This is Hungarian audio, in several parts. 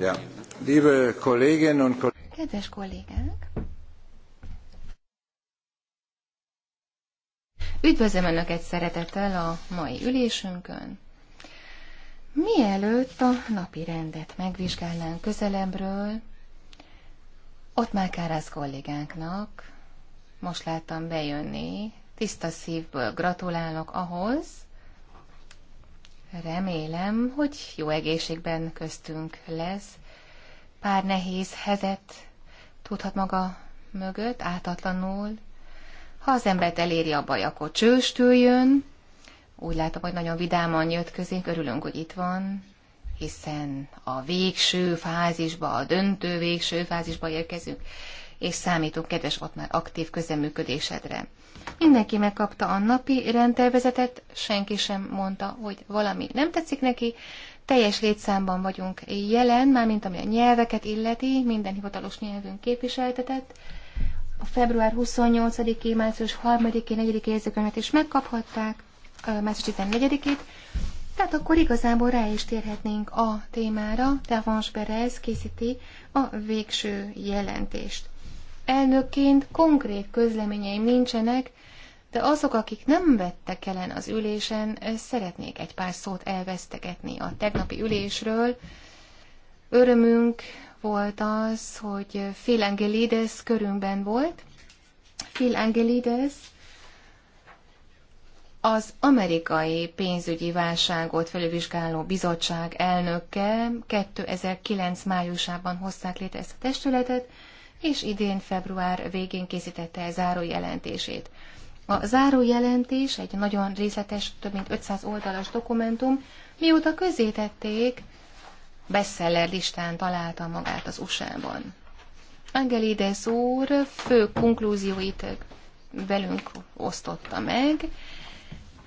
Ja. Liebe Kolleginnen und Kollegen. Kedves kollégák! Üdvözlöm Önöket szeretettel a mai ülésünkön. Mielőtt a napi rendet megvizsgálnánk közelebbről, ott már Kárász kollégánknak most láttam bejönni, tiszta szívből gratulálok ahhoz, Remélem, hogy jó egészségben köztünk lesz. Pár nehéz hezet tudhat maga mögött, átatlanul. Ha az embert eléri a baj, akkor csőstül jön. Úgy látom, hogy nagyon vidáman jött közénk, örülünk, hogy itt van, hiszen a végső fázisba, a döntő végső fázisba érkezünk és számítunk, kedves ott már aktív közeműködésedre. Mindenki megkapta a napi rendtervezetet, senki sem mondta, hogy valami nem tetszik neki. Teljes létszámban vagyunk jelen, mármint ami a nyelveket illeti, minden hivatalos nyelvünk képviseltetett. A február 28-i, március 3-i, 4-i érzőkönyvet is megkaphatták, március 14-ét. Tehát akkor igazából rá is térhetnénk a témára. Davans Perez készíti a végső jelentést. Elnökként konkrét közleményeim nincsenek, de azok, akik nem vettek elen az ülésen, eh, szeretnék egy pár szót elvesztegetni a tegnapi ülésről. Örömünk volt az, hogy Phil Angelides körünkben volt. Phil Angelides az amerikai pénzügyi válságot felülvizsgáló bizottság elnöke 2009. májusában hozták létre ezt a testületet, és idén február végén készítette el záró jelentését. A záró jelentés egy nagyon részletes, több mint 500 oldalas dokumentum, mióta közzétették, bestseller listán találta magát az USA-ban. Angelides úr fő konklúzióit velünk osztotta meg.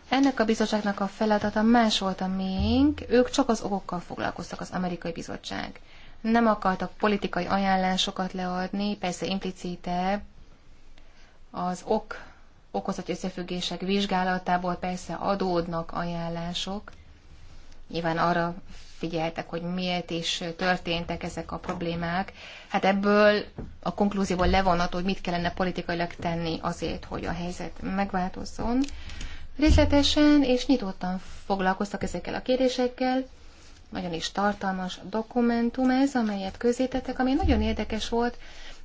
Ennek a bizottságnak a feladata más volt a miénk, ők csak az okokkal foglalkoztak, az amerikai bizottság nem akartak politikai ajánlásokat leadni, persze implicite az ok okozati összefüggések vizsgálatából persze adódnak ajánlások. Nyilván arra figyeltek, hogy miért is történtek ezek a problémák. Hát ebből a konklúzióból levonható, hogy mit kellene politikailag tenni azért, hogy a helyzet megváltozzon. Részletesen és nyitottan foglalkoztak ezekkel a kérdésekkel nagyon is tartalmas dokumentum ez, amelyet közzétettek, ami nagyon érdekes volt,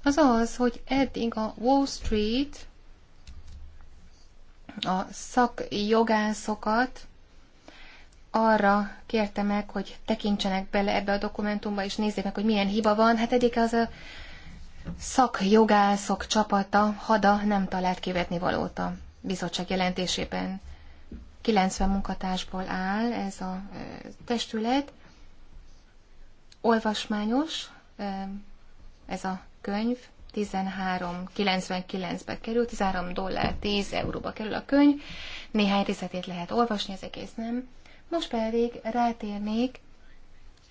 az az, hogy eddig a Wall Street a szakjogászokat arra kérte meg, hogy tekintsenek bele ebbe a dokumentumba, és nézzék meg, hogy milyen hiba van. Hát eddig az a szakjogászok csapata, hada nem talált kivetni valóta bizottság jelentésében. 90 munkatársból áll ez a testület. Olvasmányos ez a könyv, 13,99-be kerül, 13 dollár 10 euróba kerül a könyv, néhány részletét lehet olvasni, az egész nem. Most pedig rátérnék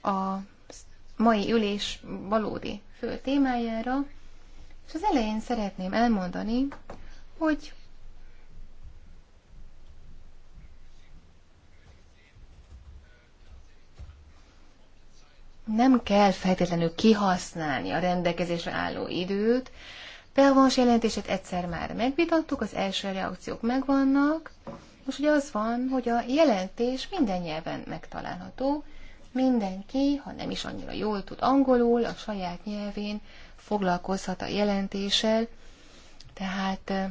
a mai ülés valódi fő témájára, és az elején szeretném elmondani, hogy nem kell feltétlenül kihasználni a rendelkezésre álló időt. Pelvons jelentését egyszer már megvitattuk, az első reakciók megvannak. Most ugye az van, hogy a jelentés minden nyelven megtalálható, mindenki, ha nem is annyira jól tud angolul, a saját nyelvén foglalkozhat a jelentéssel, tehát eh,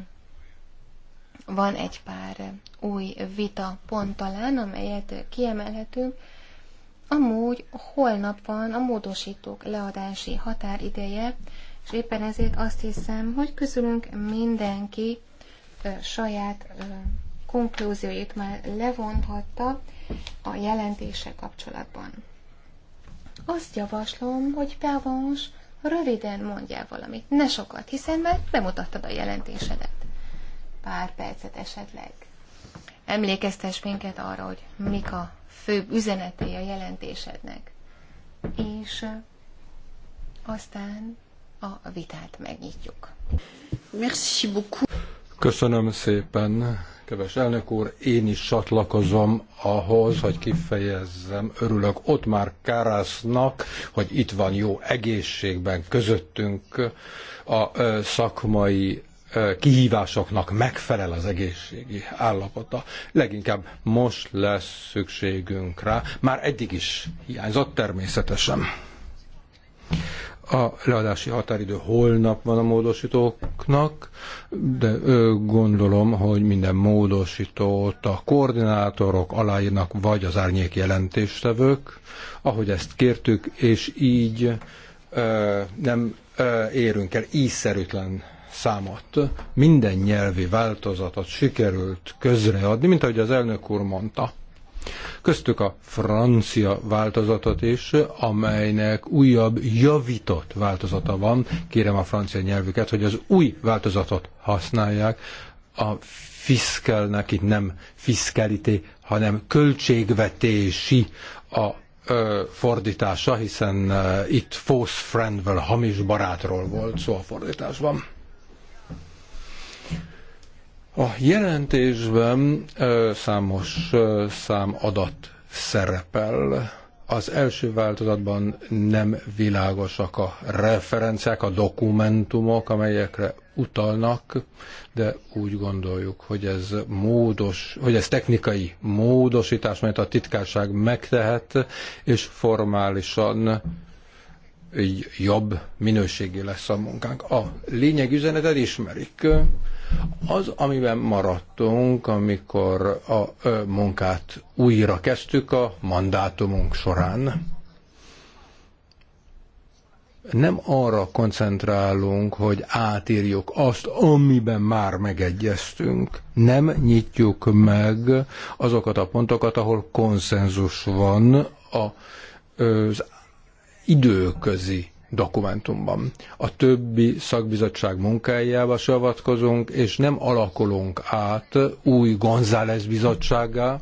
van egy pár eh, új vita pont talán, amelyet eh, kiemelhetünk, Amúgy holnap van a módosítók leadási határideje, és éppen ezért azt hiszem, hogy közülünk mindenki ö, saját ö, konklúzióit már levonhatta a jelentése kapcsolatban. Azt javaslom, hogy Pávons röviden mondjál valamit, ne sokat, hiszen már bemutattad a jelentésedet. Pár percet esetleg emlékeztes minket arra, hogy mik a fő üzenetei a jelentésednek. És aztán a vitát megnyitjuk. Merci beaucoup. Köszönöm szépen, keves elnök úr. Én is csatlakozom ahhoz, hogy kifejezzem. Örülök ott már Kárásznak, hogy itt van jó egészségben közöttünk a szakmai kihívásoknak megfelel az egészségi állapota. Leginkább most lesz szükségünk rá. Már eddig is hiányzott természetesen. A leadási határidő holnap van a módosítóknak, de gondolom, hogy minden módosítót a koordinátorok aláírnak, vagy az árnyék jelentéstevők, ahogy ezt kértük, és így nem érünk el ízszerűtlen számot, minden nyelvi változatot sikerült közreadni, mint ahogy az elnök úr mondta. Köztük a francia változatot is, amelynek újabb javított változata van. Kérem a francia nyelvüket, hogy az új változatot használják. A fiskelnek itt nem fiskelité, hanem költségvetési a ö, fordítása, hiszen ö, itt false friendvel, hamis barátról volt szó a fordításban. A jelentésben számos szám adat szerepel. Az első változatban nem világosak a referenciák, a dokumentumok, amelyekre utalnak, de úgy gondoljuk, hogy ez módos, hogy ez technikai módosítás, mert a titkárság megtehet, és formálisan így jobb minőségé lesz a munkánk. A lényeg üzenetet ismerik az, amiben maradtunk, amikor a munkát újra kezdtük a mandátumunk során, nem arra koncentrálunk, hogy átírjuk azt, amiben már megegyeztünk. Nem nyitjuk meg azokat a pontokat, ahol konszenzus van az időközi dokumentumban. A többi szakbizottság munkájába se avatkozunk, és nem alakulunk át új González bizottsággá,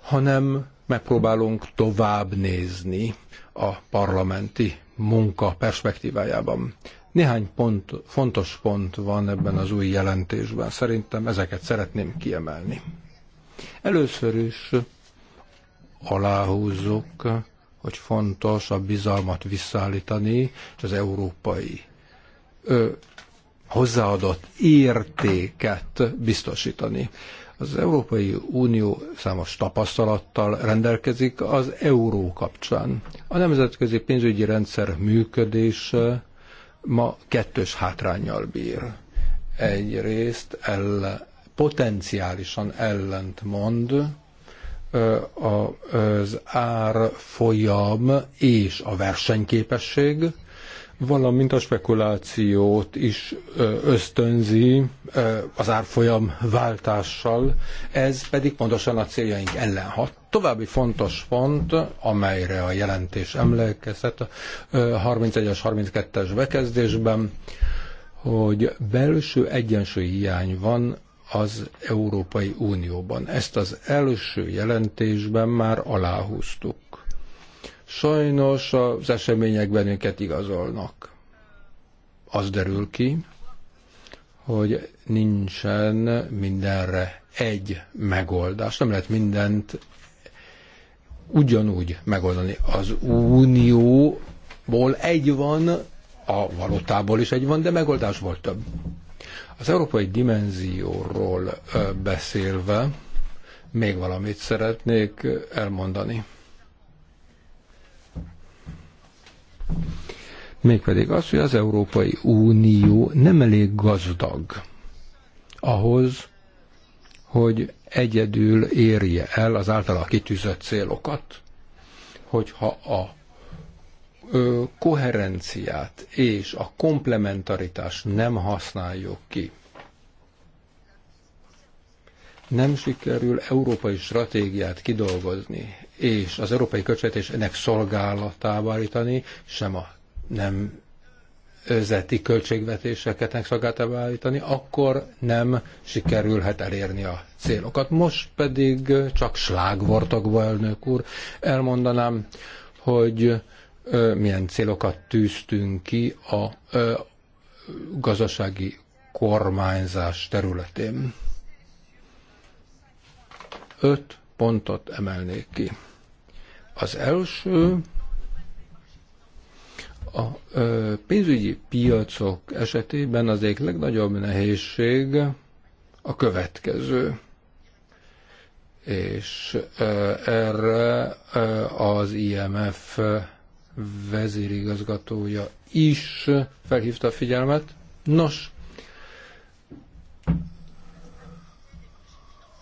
hanem megpróbálunk tovább nézni a parlamenti munka perspektívájában. Néhány pont, fontos pont van ebben az új jelentésben. Szerintem ezeket szeretném kiemelni. Először is aláhúzzuk hogy fontos a bizalmat visszaállítani, és az európai ö, hozzáadott értéket biztosítani. Az Európai Unió számos tapasztalattal rendelkezik az euró kapcsán. A nemzetközi pénzügyi rendszer működése ma kettős hátrányjal bír. Egyrészt el, potenciálisan ellentmond az árfolyam és a versenyképesség, valamint a spekulációt is ösztönzi az árfolyam váltással, ez pedig pontosan a céljaink ellen hat. További fontos pont, amelyre a jelentés emlékezett a 31-es, 32-es bekezdésben, hogy belső egyensúly hiány van az Európai Unióban. Ezt az első jelentésben már aláhúztuk. Sajnos az események bennünket igazolnak. Az derül ki, hogy nincsen mindenre egy megoldás. Nem lehet mindent ugyanúgy megoldani. Az unióból egy van, a valótából is egy van, de megoldás volt több. Az európai dimenzióról beszélve még valamit szeretnék elmondani. Mégpedig az, hogy az Európai Unió nem elég gazdag ahhoz, hogy egyedül érje el az általa kitűzött célokat, hogyha a koherenciát és a komplementaritást nem használjuk ki, nem sikerül európai stratégiát kidolgozni, és az európai költségvetés ennek szolgálatába állítani, sem a nem özeti költségvetéseket megszolgáltába állítani, akkor nem sikerülhet elérni a célokat. Most pedig csak slágvartokba, elnök úr, elmondanám, hogy milyen célokat tűztünk ki a gazdasági kormányzás területén. Öt pontot emelnék ki. Az első a pénzügyi piacok esetében az egyik legnagyobb nehézség a következő és erre az IMF vezérigazgatója is felhívta a figyelmet. Nos,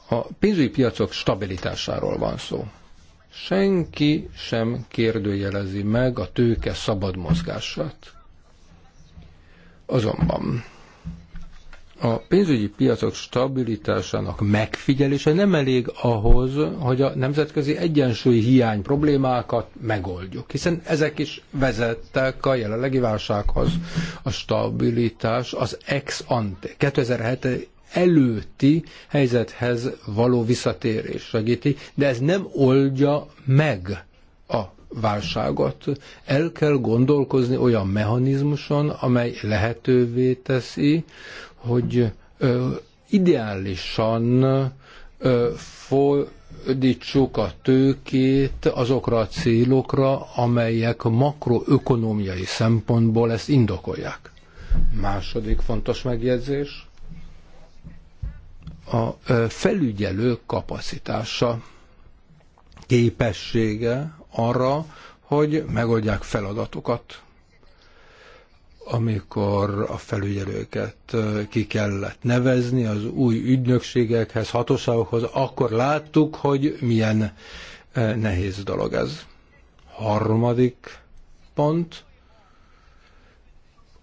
a pénzügyi piacok stabilitásáról van szó. Senki sem kérdőjelezi meg a tőke szabad mozgását. Azonban a pénzügyi piacok stabilitásának megfigyelése nem elég ahhoz, hogy a nemzetközi egyensúly hiány problémákat megoldjuk, hiszen ezek is vezettek a jelenlegi válsághoz. A stabilitás az ex ante 2007 előtti helyzethez való visszatérés segíti, de ez nem oldja meg a válságot. El kell gondolkozni olyan mechanizmuson, amely lehetővé teszi, hogy ideálisan fordítsuk a tőkét azokra a célokra, amelyek makroökonomiai szempontból ezt indokolják. Második fontos megjegyzés a felügyelő kapacitása, képessége arra, hogy megoldják feladatokat, amikor a felügyelőket ki kellett nevezni az új ügynökségekhez, hatóságokhoz, akkor láttuk, hogy milyen nehéz dolog ez. Harmadik pont,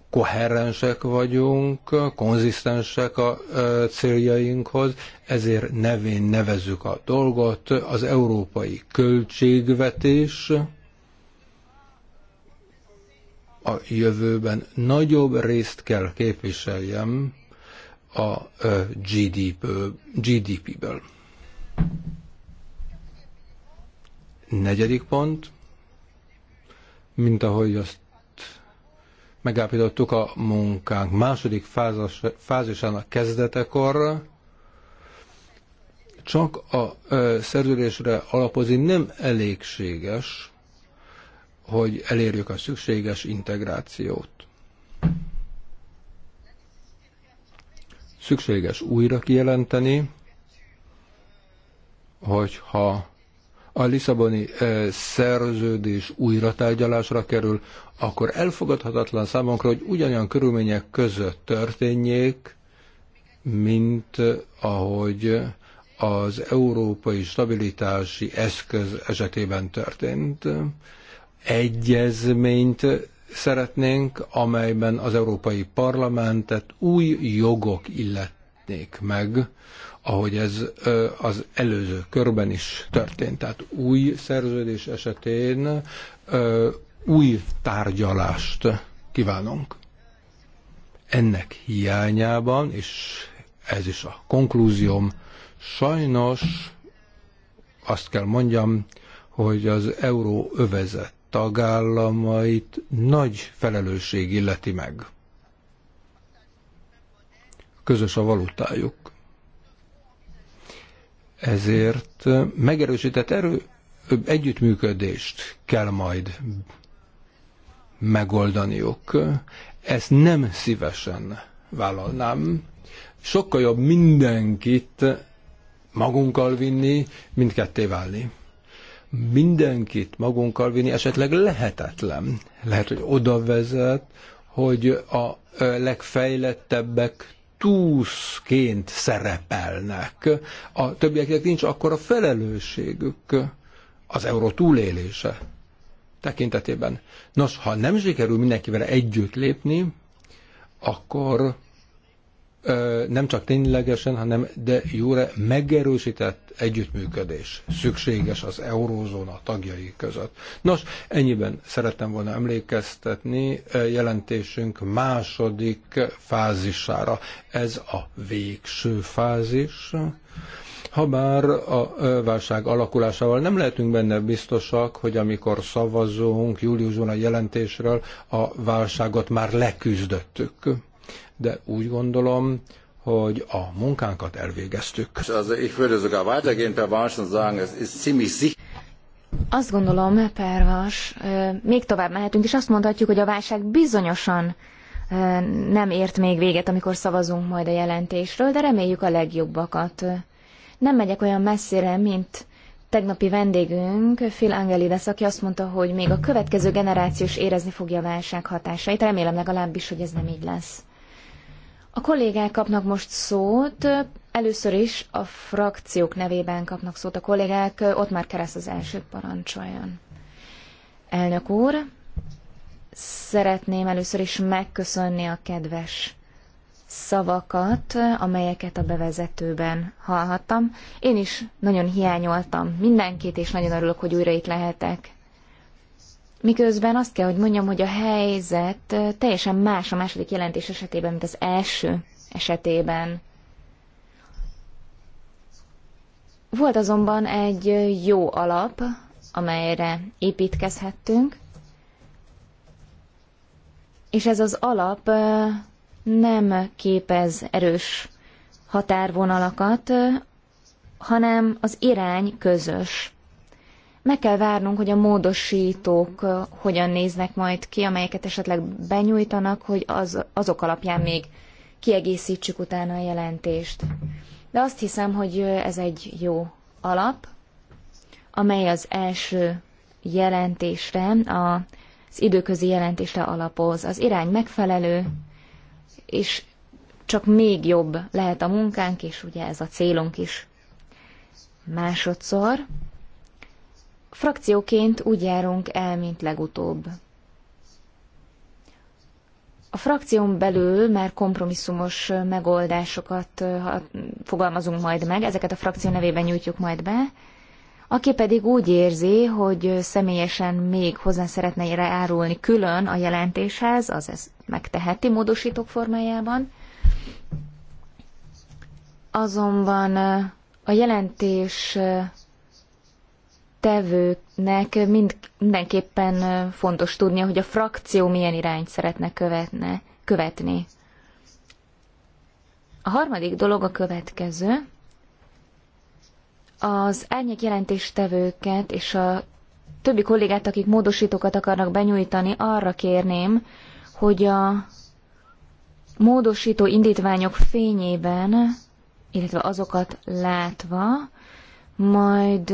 koherensek vagyunk, konzisztensek a céljainkhoz, ezért nevén nevezzük a dolgot, az európai költségvetés, a jövőben nagyobb részt kell képviseljem a GDP-ből. Negyedik pont, mint ahogy azt megállapítottuk a munkánk második fázas, fázisának kezdetekor, csak a ö, szerződésre alapozni nem elégséges, hogy elérjük a szükséges integrációt. Szükséges újra kijelenteni, hogyha a Lisszaboni szerződés újra tárgyalásra kerül, akkor elfogadhatatlan számunkra, hogy ugyanolyan körülmények között történjék, mint ahogy az európai stabilitási eszköz esetében történt egyezményt szeretnénk, amelyben az Európai Parlamentet új jogok illetnék meg, ahogy ez az előző körben is történt. Tehát új szerződés esetén új tárgyalást kívánunk. Ennek hiányában, és ez is a konklúzióm, sajnos azt kell mondjam, hogy az euróövezet tagállamait nagy felelősség illeti meg. Közös a valutájuk. Ezért megerősített erő együttműködést kell majd megoldaniuk. Ezt nem szívesen vállalnám. Sokkal jobb mindenkit magunkkal vinni, ketté válni mindenkit magunkkal vinni esetleg lehetetlen. Lehet, hogy oda vezet, hogy a legfejlettebbek túszként szerepelnek. A többieknek nincs akkor a felelősségük az euró túlélése tekintetében. Nos, ha nem sikerül mindenkivel együtt lépni, akkor nem csak ténylegesen, hanem de jóre megerősített együttműködés szükséges az eurózóna tagjai között. Nos, ennyiben szerettem volna emlékeztetni jelentésünk második fázisára. Ez a végső fázis. Habár a válság alakulásával nem lehetünk benne biztosak, hogy amikor szavazunk júliusban a jelentésről, a válságot már leküzdöttük de úgy gondolom, hogy a munkánkat elvégeztük. Azt gondolom, Pervas, még tovább mehetünk, és azt mondhatjuk, hogy a válság bizonyosan nem ért még véget, amikor szavazunk majd a jelentésről, de reméljük a legjobbakat. Nem megyek olyan messzire, mint tegnapi vendégünk, Phil Angelides, aki azt mondta, hogy még a következő generációs érezni fogja a válság hatásait. Remélem legalábbis, hogy ez nem így lesz. A kollégák kapnak most szót, először is a frakciók nevében kapnak szót a kollégák, ott már kereszt az első parancsoljon. Elnök úr, szeretném először is megköszönni a kedves szavakat, amelyeket a bevezetőben hallhattam. Én is nagyon hiányoltam mindenkit, és nagyon örülök, hogy újra itt lehetek. Miközben azt kell, hogy mondjam, hogy a helyzet teljesen más a második jelentés esetében, mint az első esetében. Volt azonban egy jó alap, amelyre építkezhettünk, és ez az alap nem képez erős határvonalakat, hanem az irány közös meg kell várnunk, hogy a módosítók hogyan néznek majd ki, amelyeket esetleg benyújtanak, hogy az, azok alapján még kiegészítsük utána a jelentést. De azt hiszem, hogy ez egy jó alap, amely az első jelentésre, az időközi jelentésre alapoz. Az irány megfelelő, és csak még jobb lehet a munkánk, és ugye ez a célunk is. Másodszor, Frakcióként úgy járunk el, mint legutóbb. A frakción belül már kompromisszumos megoldásokat fogalmazunk majd meg, ezeket a frakció nevében nyújtjuk majd be. Aki pedig úgy érzi, hogy személyesen még hozzá szeretne árulni külön a jelentéshez, az ezt megteheti módosítók formájában. Azonban a jelentés tevőknek mind, mindenképpen fontos tudnia, hogy a frakció milyen irányt szeretne követne, követni. A harmadik dolog a következő. Az árnyék jelentéstevőket és a többi kollégát, akik módosítókat akarnak benyújtani, arra kérném, hogy a módosító indítványok fényében, illetve azokat látva, majd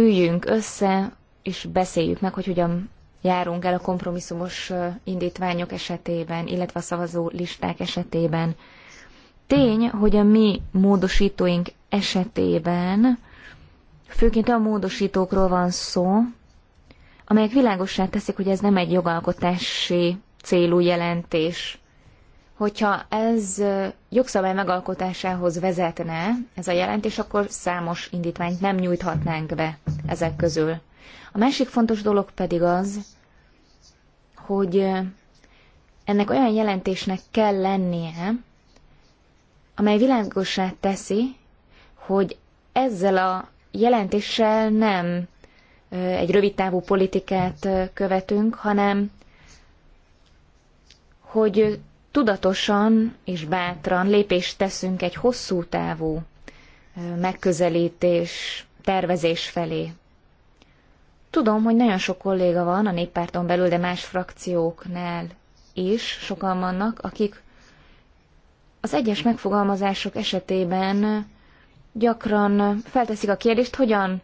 üljünk össze, és beszéljük meg, hogy hogyan járunk el a kompromisszumos indítványok esetében, illetve a szavazó listák esetében. Tény, hogy a mi módosítóink esetében főként a módosítókról van szó, amelyek világossá teszik, hogy ez nem egy jogalkotási célú jelentés hogyha ez jogszabály megalkotásához vezetne, ez a jelentés, akkor számos indítványt nem nyújthatnánk be ezek közül. A másik fontos dolog pedig az, hogy ennek olyan jelentésnek kell lennie, amely világosá teszi, hogy ezzel a jelentéssel nem egy rövidtávú politikát követünk, hanem hogy tudatosan és bátran lépést teszünk egy hosszú távú megközelítés, tervezés felé. Tudom, hogy nagyon sok kolléga van a néppárton belül, de más frakcióknál is sokan vannak, akik az egyes megfogalmazások esetében gyakran felteszik a kérdést, hogyan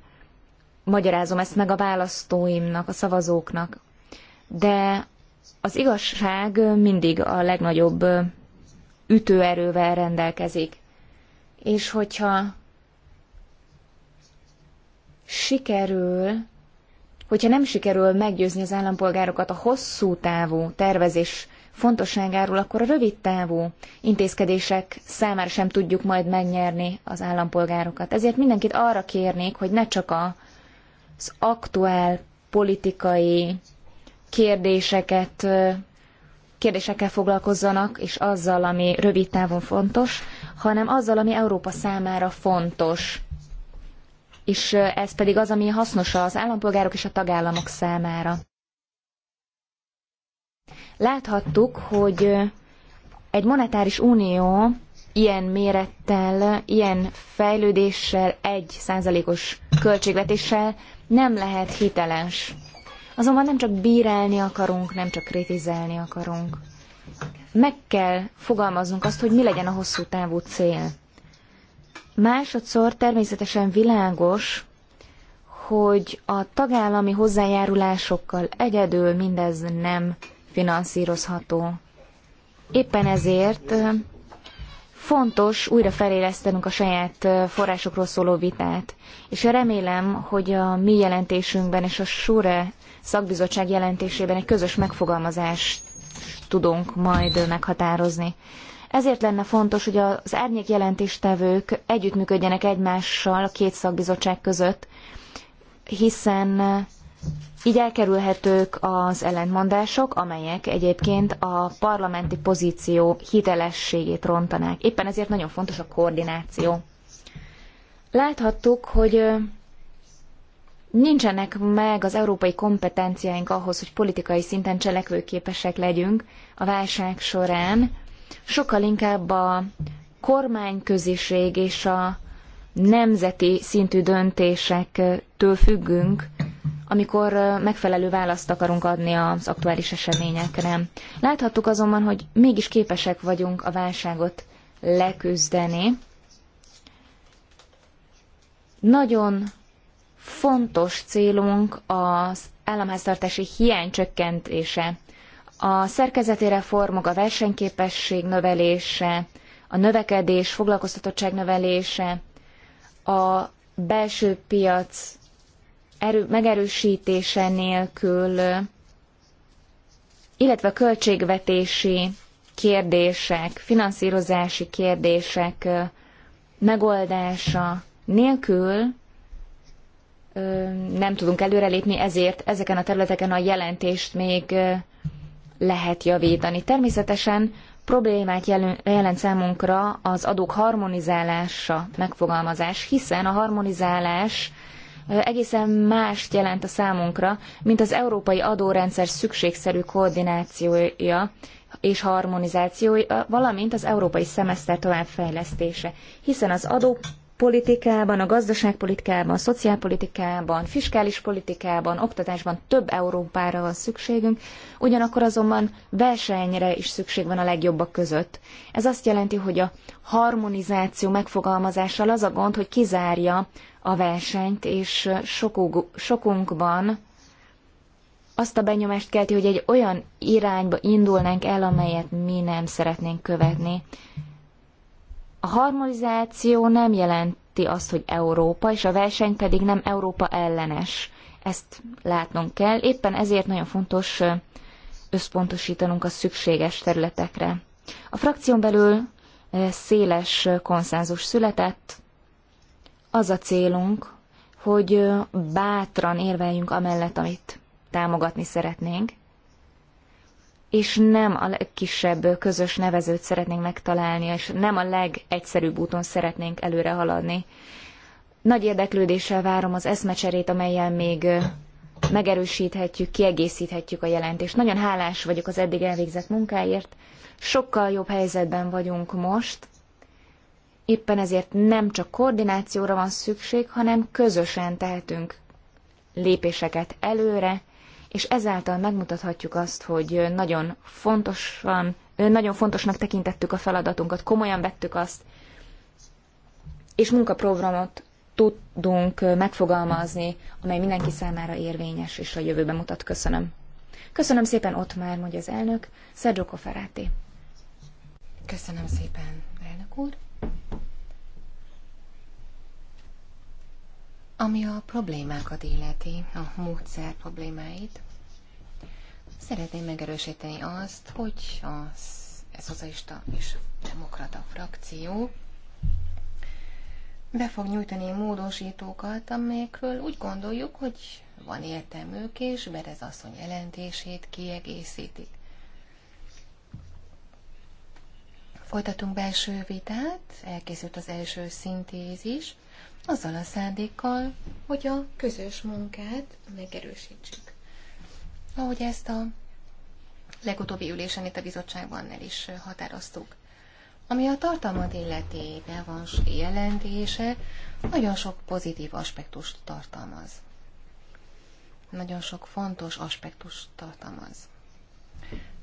magyarázom ezt meg a választóimnak, a szavazóknak. De az igazság mindig a legnagyobb ütőerővel rendelkezik. És hogyha sikerül, hogyha nem sikerül meggyőzni az állampolgárokat a hosszú távú tervezés fontosságáról, akkor a rövid távú intézkedések számára sem tudjuk majd megnyerni az állampolgárokat. Ezért mindenkit arra kérnék, hogy ne csak az aktuál politikai kérdéseket, kérdésekkel foglalkozzanak, és azzal, ami rövid távon fontos, hanem azzal, ami Európa számára fontos. És ez pedig az, ami hasznos az állampolgárok és a tagállamok számára. Láthattuk, hogy egy monetáris unió ilyen mérettel, ilyen fejlődéssel, egy százalékos költségvetéssel nem lehet hiteles. Azonban nem csak bírálni akarunk, nem csak kritizálni akarunk. Meg kell fogalmaznunk azt, hogy mi legyen a hosszú távú cél. Másodszor természetesen világos, hogy a tagállami hozzájárulásokkal egyedül mindez nem finanszírozható. Éppen ezért fontos újra felélesztenünk a saját forrásokról szóló vitát, és remélem, hogy a mi jelentésünkben és a SURE szakbizottság jelentésében egy közös megfogalmazást tudunk majd meghatározni. Ezért lenne fontos, hogy az árnyék jelentéstevők együttműködjenek egymással a két szakbizottság között, hiszen így elkerülhetők az ellentmondások, amelyek egyébként a parlamenti pozíció hitelességét rontanák. Éppen ezért nagyon fontos a koordináció. Láthattuk, hogy nincsenek meg az európai kompetenciáink ahhoz, hogy politikai szinten cselekvőképesek legyünk a válság során, sokkal inkább a kormányköziség és a nemzeti szintű döntésektől függünk, amikor megfelelő választ akarunk adni az aktuális eseményekre. Láthattuk azonban, hogy mégis képesek vagyunk a válságot leküzdeni. Nagyon Fontos célunk az államháztartási hiány csökkentése, a szerkezeti reformok, a versenyképesség növelése, a növekedés, foglalkoztatottság növelése, a belső piac erő, megerősítése nélkül, illetve a költségvetési kérdések, finanszírozási kérdések megoldása nélkül nem tudunk előrelépni, ezért ezeken a területeken a jelentést még lehet javítani. Természetesen problémát jelent számunkra az adók harmonizálása megfogalmazás, hiszen a harmonizálás egészen mást jelent a számunkra, mint az európai adórendszer szükségszerű koordinációja és harmonizációja, valamint az európai szemeszter továbbfejlesztése, hiszen az adó politikában, a gazdaságpolitikában, a szociálpolitikában, fiskális politikában, oktatásban több Európára van szükségünk, ugyanakkor azonban versenyre is szükség van a legjobbak között. Ez azt jelenti, hogy a harmonizáció megfogalmazással az a gond, hogy kizárja a versenyt, és sokug, sokunkban azt a benyomást kelti, hogy egy olyan irányba indulnánk el, amelyet mi nem szeretnénk követni. A harmonizáció nem jelenti azt, hogy Európa, és a verseny pedig nem Európa ellenes. Ezt látnunk kell, éppen ezért nagyon fontos összpontosítanunk a szükséges területekre. A frakción belül széles konszenzus született. Az a célunk, hogy bátran érveljünk amellett, amit támogatni szeretnénk és nem a legkisebb közös nevezőt szeretnénk megtalálni, és nem a legegyszerűbb úton szeretnénk előre haladni. Nagy érdeklődéssel várom az eszmecserét, amelyen még megerősíthetjük, kiegészíthetjük a jelentést. Nagyon hálás vagyok az eddig elvégzett munkáért. Sokkal jobb helyzetben vagyunk most. Éppen ezért nem csak koordinációra van szükség, hanem közösen tehetünk lépéseket előre, és ezáltal megmutathatjuk azt, hogy nagyon fontosan, nagyon fontosnak tekintettük a feladatunkat, komolyan vettük azt, és munkaprogramot tudunk megfogalmazni, amely mindenki számára érvényes és a jövőbe mutat. Köszönöm. Köszönöm szépen ott már, mondja az elnök, Sergio Koferáti. Köszönöm szépen, elnök úr. Ami a problémákat illeti, a módszer problémáit, Szeretném megerősíteni azt, hogy a szocialista és demokrata frakció be fog nyújtani módosítókat, amelyekről úgy gondoljuk, hogy van értelmük, és Berez asszony jelentését kiegészítik. Folytatunk belső vitát, elkészült az első szintézis, azzal a szándékkal, hogy a közös munkát megerősítsük ahogy ezt a legutóbbi ülésen itt a bizottságban el is határoztuk. Ami a tartalmat illeti bevans jelentése, nagyon sok pozitív aspektust tartalmaz. Nagyon sok fontos aspektust tartalmaz.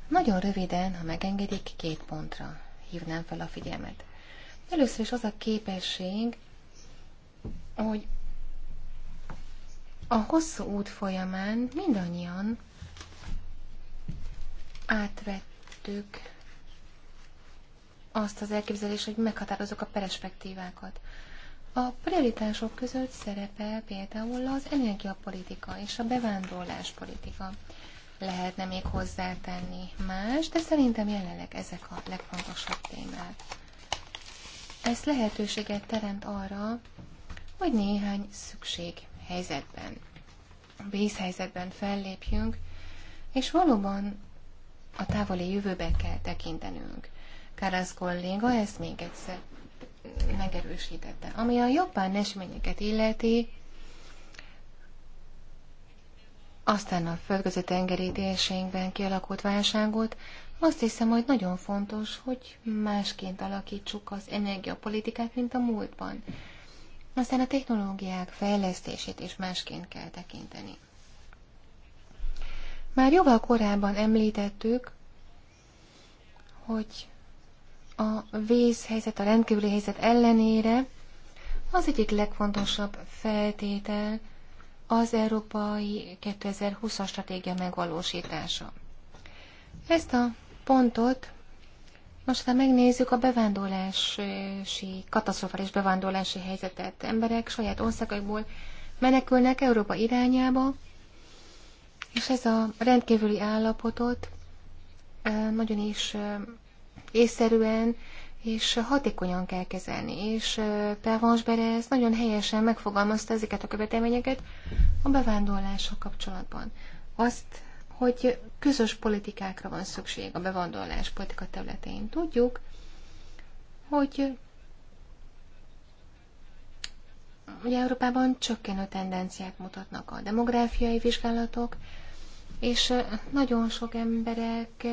Nagyon röviden, ha megengedik, két pontra hívnám fel a figyelmet. Először is az a képesség, hogy a hosszú út folyamán mindannyian átvettük azt az elképzelést, hogy meghatározok a perspektívákat. A prioritások között szerepel például az energiapolitika és a bevándorláspolitika. Lehetne még hozzátenni más, de szerintem jelenleg ezek a legfontosabb témák. Ez lehetőséget teremt arra, hogy néhány szükség helyzetben, vészhelyzetben fellépjünk, és valóban a távoli jövőbe kell tekintenünk. Karasz kolléga ezt még egyszer megerősítette. Ami a jobban eseményeket illeti, aztán a földközi tengeri térségben kialakult válságot, azt hiszem, hogy nagyon fontos, hogy másként alakítsuk az energiapolitikát, mint a múltban. Aztán a technológiák fejlesztését is másként kell tekinteni. Már jóval korábban említettük, hogy a vészhelyzet, a rendkívüli helyzet ellenére az egyik legfontosabb feltétel az Európai 2020-as stratégia megvalósítása. Ezt a pontot most ha megnézzük a bevándorlási, katasztrofális bevándorlási helyzetet. Emberek saját országokból menekülnek Európa irányába, és ez a rendkívüli állapotot nagyon is észszerűen és hatékonyan kell kezelni. És Pervans Berez nagyon helyesen megfogalmazta ezeket a követelményeket a bevándorlással kapcsolatban. Azt, hogy közös politikákra van szükség a bevándorlás politika területén. Tudjuk, hogy ugye Európában csökkenő tendenciát mutatnak a demográfiai vizsgálatok, és nagyon sok emberek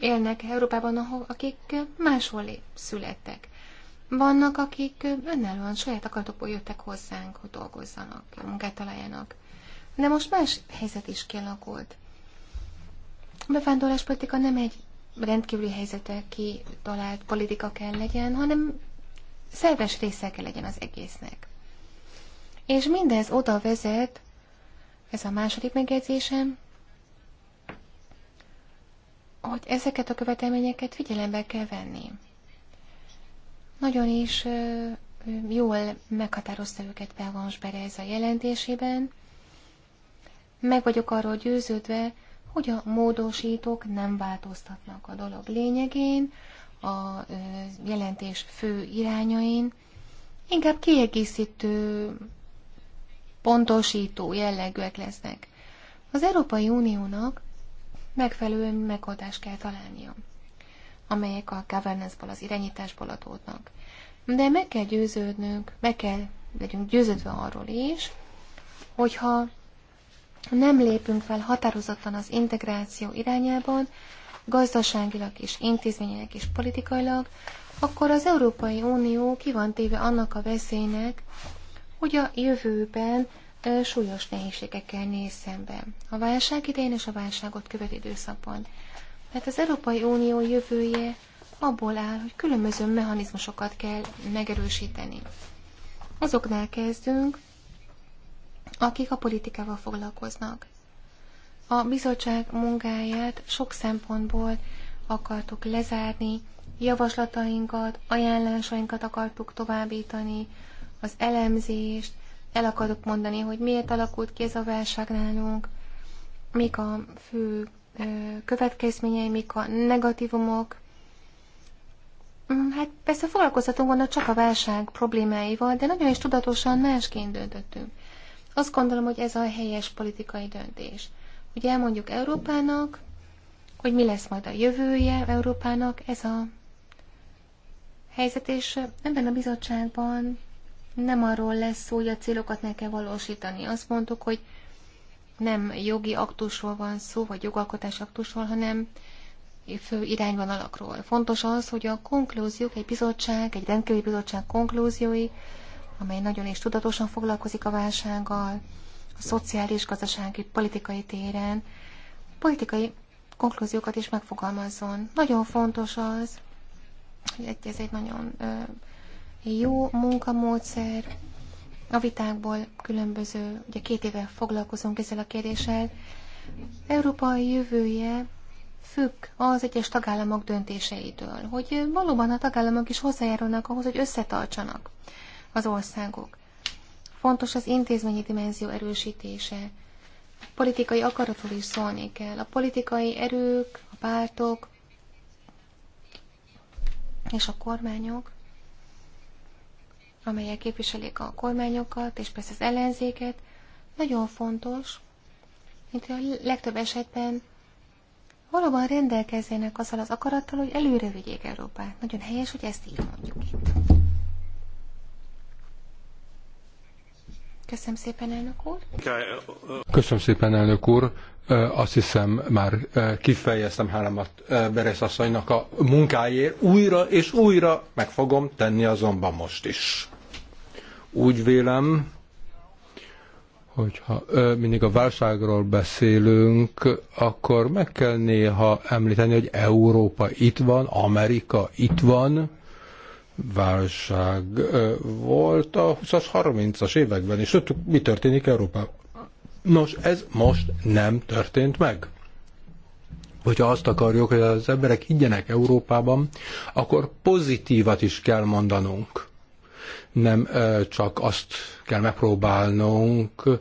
élnek Európában, akik máshol születtek. Vannak, akik önállóan saját akaratokból jöttek hozzánk, hogy dolgozzanak, munkát találjanak. De most más helyzet is kialakult. A politika nem egy rendkívüli ki talált politika kell legyen, hanem szerves része kell legyen az egésznek. És mindez oda vezet, ez a második megjegyzésem, hogy ezeket a követelményeket figyelembe kell venni. Nagyon is jól meghatározta őket Belvans Berez a jelentésében. Meg vagyok arról győződve, hogy a módosítók nem változtatnak a dolog lényegén, a jelentés fő irányain, inkább kiegészítő, pontosító jellegűek lesznek. Az Európai Uniónak megfelelő megoldást kell találnia, amelyek a governance-ból, az irányításból adódnak. De meg kell győződnünk, meg kell legyünk győződve arról is, hogyha nem lépünk fel határozottan az integráció irányában, gazdaságilag és intézményileg és politikailag, akkor az Európai Unió ki van téve annak a veszélynek, hogy a jövőben súlyos nehézségekkel néz szembe. A válság idején és a válságot követő időszakban. Mert az Európai Unió jövője abból áll, hogy különböző mechanizmusokat kell megerősíteni. Azoknál kezdünk, akik a politikával foglalkoznak. A bizottság munkáját sok szempontból akartuk lezárni, javaslatainkat, ajánlásainkat akartuk továbbítani, az elemzést, el akarok mondani, hogy miért alakult ki ez a válság nálunk, mik a fő következményei, mik a negatívumok. Mm, hát persze foglalkozhatunk volna csak a válság problémáival, de nagyon is tudatosan másként döntöttünk. Azt gondolom, hogy ez a helyes politikai döntés. Ugye elmondjuk Európának, hogy mi lesz majd a jövője Európának, ez a helyzet, és ebben a bizottságban nem arról lesz szó, hogy a célokat ne kell valósítani. Azt mondtuk, hogy nem jogi aktusról van szó, vagy jogalkotás aktusról, hanem fő irányvonalakról. Fontos az, hogy a konklúziók, egy bizottság, egy rendkívüli bizottság konklúziói, amely nagyon és tudatosan foglalkozik a válsággal, a szociális, gazdasági, politikai téren, politikai konklúziókat is megfogalmazzon. Nagyon fontos az, hogy ez egy nagyon jó munkamódszer. A vitákból különböző, ugye két éve foglalkozunk ezzel a kérdéssel. Európai jövője függ az egyes tagállamok döntéseitől, hogy valóban a tagállamok is hozzájárulnak ahhoz, hogy összetartsanak az országok. Fontos az intézményi dimenzió erősítése. A politikai akaratról is szólni kell. A politikai erők, a pártok és a kormányok amelyek képviselik a kormányokat, és persze az ellenzéket, nagyon fontos, mint a legtöbb esetben valóban rendelkezzenek azzal az akarattal, hogy előre vigyék Európát. Nagyon helyes, hogy ezt így mondjuk itt. Köszönöm szépen, elnök úr. Köszönöm szépen, elnök úr. Azt hiszem, már kifejeztem hálámat Beresz asszonynak a munkáért. Újra és újra meg fogom tenni azonban most is. Úgy vélem, hogyha ö, mindig a válságról beszélünk, akkor meg kell néha említeni, hogy Európa itt van, Amerika itt van, válság ö, volt a 20-as, 30-as években, és tudtuk, mi történik Európában. Nos, ez most nem történt meg. Hogyha azt akarjuk, hogy az emberek higgyenek Európában, akkor pozitívat is kell mondanunk nem csak azt kell megpróbálnunk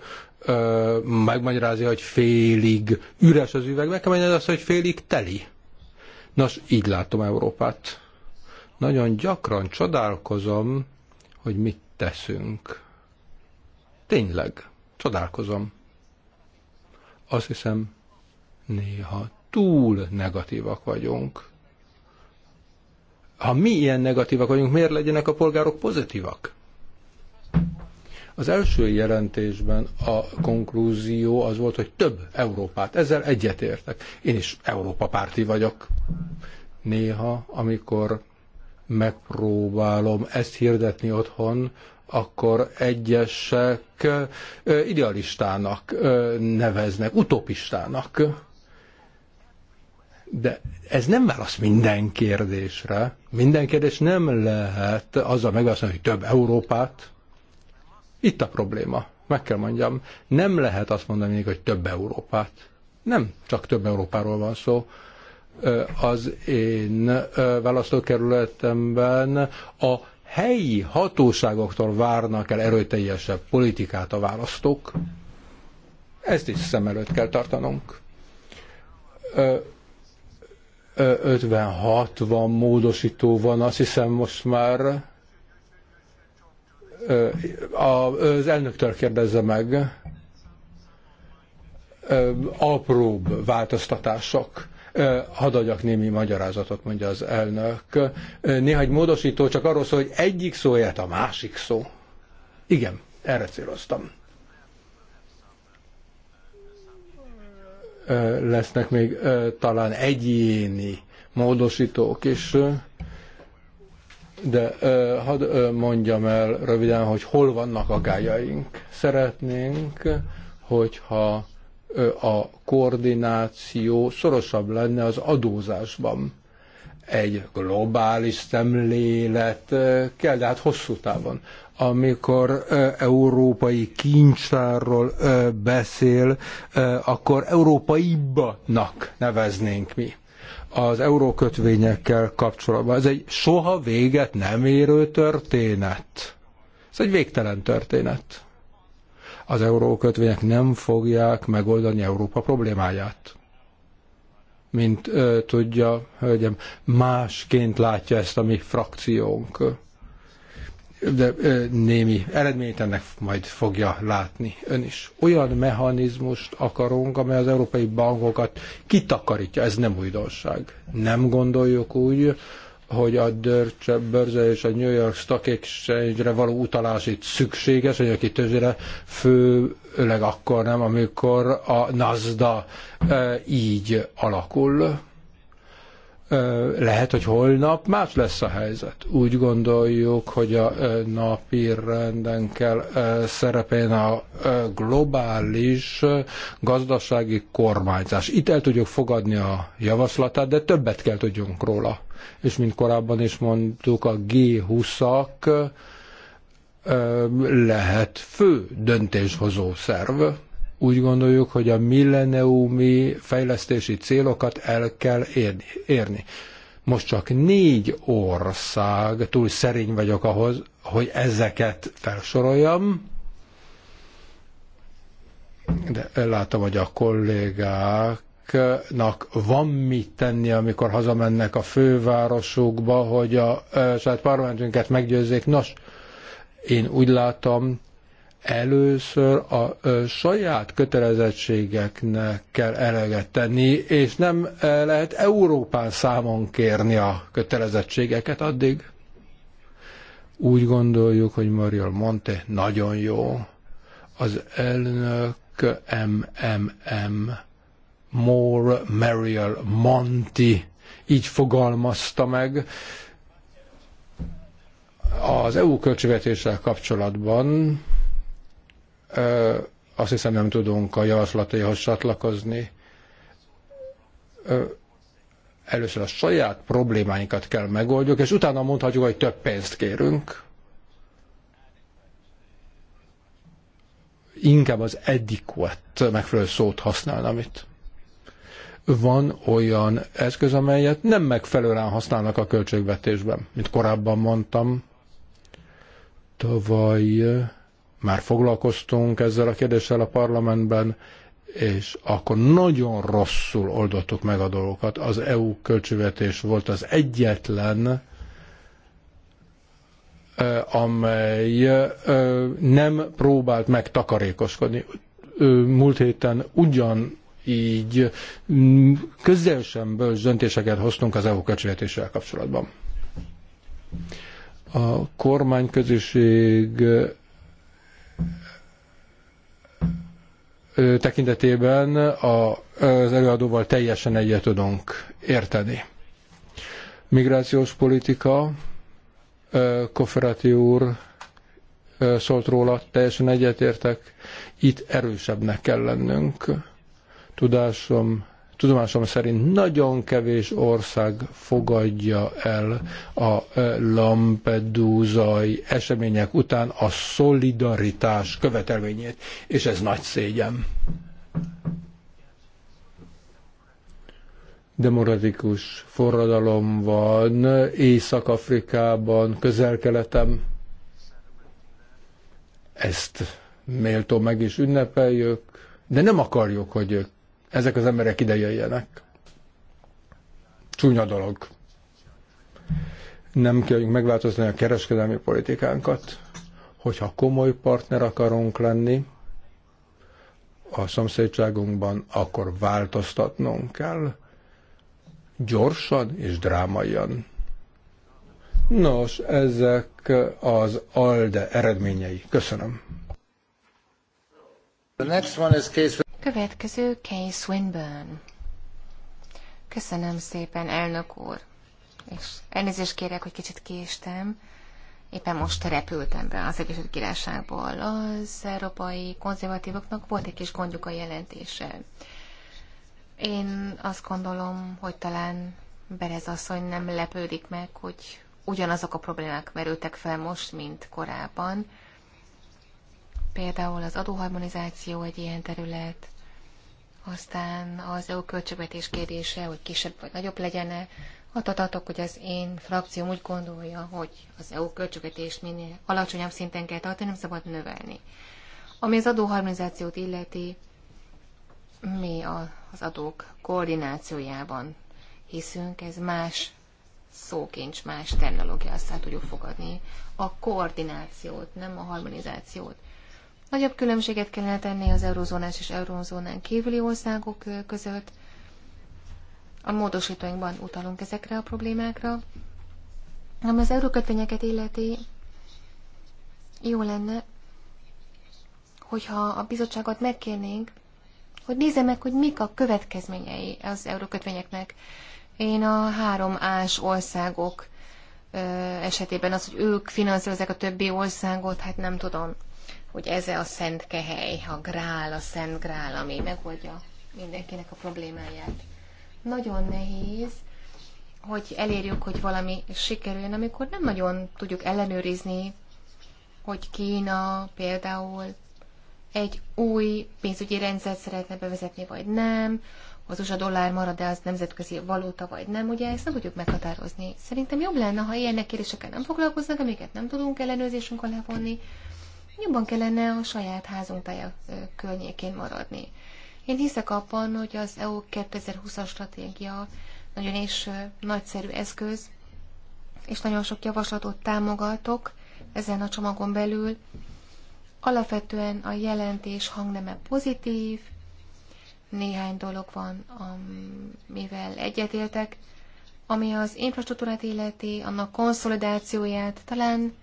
megmagyarázni, hogy félig üres az üveg, meg kell azt, hogy félig teli. Nos, így látom Európát. Nagyon gyakran csodálkozom, hogy mit teszünk. Tényleg, csodálkozom. Azt hiszem, néha túl negatívak vagyunk. Ha mi ilyen negatívak vagyunk, miért legyenek a polgárok pozitívak? Az első jelentésben a konklúzió az volt, hogy több Európát. Ezzel egyetértek. Én is Európa párti vagyok. Néha, amikor megpróbálom ezt hirdetni otthon, akkor egyesek idealistának neveznek, utopistának. De ez nem válasz minden kérdésre. Minden kérdés nem lehet azzal megválaszolni, hogy több Európát. Itt a probléma. Meg kell mondjam, nem lehet azt mondani, hogy több Európát. Nem csak több Európáról van szó. Az én választókerületemben a helyi hatóságoktól várnak el erőteljesebb politikát a választók. Ezt is szem előtt kell tartanunk 50-60 módosító van, azt hiszem most már az elnöktől kérdezze meg, apróbb változtatások. Hadd adjak némi magyarázatot, mondja az elnök. Néhány módosító csak arról szól, hogy egyik szó a másik szó. Igen, erre céloztam. lesznek még talán egyéni módosítók is, de hadd mondjam el röviden, hogy hol vannak agályaink. Szeretnénk, hogyha a koordináció szorosabb lenne az adózásban egy globális szemlélet kell, de hát hosszú távon. Amikor európai kincsárról beszél, akkor európaibbanak neveznénk mi az eurókötvényekkel kapcsolatban. Ez egy soha véget nem érő történet. Ez egy végtelen történet. Az eurókötvények nem fogják megoldani Európa problémáját mint ö, tudja, hölgyem, másként látja ezt a mi frakciónk. De ö, némi eredményt ennek majd fogja látni ön is. Olyan mechanizmust akarunk, amely az európai bankokat kitakarítja, ez nem újdonság. Nem gondoljuk úgy, hogy a Dörcse Börze és a New York Stock Exchange-re való utalás itt szükséges, hogy aki kitőzére főleg akkor nem, amikor a NASDA e, így alakul. Lehet, hogy holnap más lesz a helyzet. Úgy gondoljuk, hogy a napi renden kell szerepeljen a globális gazdasági kormányzás. Itt el tudjuk fogadni a javaslatát, de többet kell tudjunk róla. És mint korábban is mondtuk, a G20-ak lehet fő döntéshozó szerv, úgy gondoljuk, hogy a milleniumi fejlesztési célokat el kell érni. Most csak négy ország, túl szerény vagyok ahhoz, hogy ezeket felsoroljam, de látom, hogy a kollégáknak van mit tenni, amikor hazamennek a fővárosukba, hogy a saját parlamentünket meggyőzzék. Nos, én úgy látom, Először a saját kötelezettségeknek kell eleget tenni, és nem lehet Európán számon kérni a kötelezettségeket addig. Úgy gondoljuk, hogy Mariel Monte nagyon jó. Az elnök MMM More Mariel Monti így fogalmazta meg. Az EU költségvetéssel kapcsolatban azt hiszem nem tudunk a javaslataihoz csatlakozni. Először a saját problémáinkat kell megoldjuk, és utána mondhatjuk, hogy több pénzt kérünk. Inkább az adequate megfelelő szót használnám itt van olyan eszköz, amelyet nem megfelelően használnak a költségvetésben, mint korábban mondtam. Tavaly már foglalkoztunk ezzel a kérdéssel a parlamentben, és akkor nagyon rosszul oldottuk meg a dolgokat. Az EU költségvetés volt az egyetlen, amely nem próbált megtakarékoskodni. Múlt héten ugyan így közel sem bölcs döntéseket hoztunk az EU költségvetéssel kapcsolatban. A kormányköziség tekintetében az előadóval teljesen egyet tudunk érteni. Migrációs politika, Koferati úr szólt róla, teljesen egyetértek, itt erősebbnek kell lennünk. Tudásom Tudomásom szerint nagyon kevés ország fogadja el a e, Lampedúzai események után a szolidaritás követelményét, és ez nagy szégyen. demokratikus forradalom van Észak-Afrikában, közel keletem Ezt méltó meg is ünnepeljük, de nem akarjuk, hogy ők ezek az emberek ide jöjjenek. Csúnya dolog. Nem kell megváltoztatni a kereskedelmi politikánkat, hogyha komoly partner akarunk lenni a szomszédságunkban, akkor változtatnunk kell gyorsan és drámaian. Nos, ezek az ALDE eredményei. Köszönöm. The next one is case Következő Kay Swinburne. Köszönöm szépen, elnök úr. És elnézést kérek, hogy kicsit késtem. Éppen most repültem be az Egyesült Királyságból. Az európai konzervatívoknak volt egy kis gondjuk a jelentése. Én azt gondolom, hogy talán Berez asszony nem lepődik meg, hogy ugyanazok a problémák merültek fel most, mint korábban. Például az adóharmonizáció egy ilyen terület, aztán az EU költségvetés kérdése, hogy kisebb vagy nagyobb legyen-e. Hát Adatatok, hogy az én frakcióm úgy gondolja, hogy az EU költségvetést minél alacsonyabb szinten kell tartani, nem szabad növelni. Ami az adóharmonizációt illeti, mi az adók koordinációjában hiszünk, ez más szókincs, más terminológia, azt el tudjuk fogadni. A koordinációt, nem a harmonizációt. Nagyobb különbséget kellene tenni az eurozónás és eurozónán kívüli országok között. A módosítóinkban utalunk ezekre a problémákra. Ami az eurókötvényeket illeti, jó lenne, hogyha a bizottságot megkérnénk, hogy nézze meg, hogy mik a következményei az eurókötvényeknek. Én a három ás országok esetében az, hogy ők finanszírozzák a többi országot, hát nem tudom hogy ez a szent kehely, a grál, a szent grál, ami megoldja mindenkinek a problémáját. Nagyon nehéz, hogy elérjük, hogy valami sikerüljön, amikor nem nagyon tudjuk ellenőrizni, hogy Kína például egy új pénzügyi rendszert szeretne bevezetni, vagy nem, az USA dollár marad-e az nemzetközi valuta, vagy nem, ugye ezt nem tudjuk meghatározni. Szerintem jobb lenne, ha ilyenek kérdésekkel nem foglalkoznak, amiket nem tudunk ellenőrzésünk alá vonni, jobban kellene a saját házunk tája környékén maradni. Én hiszek abban, hogy az EU 2020-as stratégia nagyon is nagyszerű eszköz, és nagyon sok javaslatot támogatok ezen a csomagon belül. Alapvetően a jelentés hangneme pozitív, néhány dolog van, amivel egyetértek, ami az infrastruktúrát életi, annak konszolidációját talán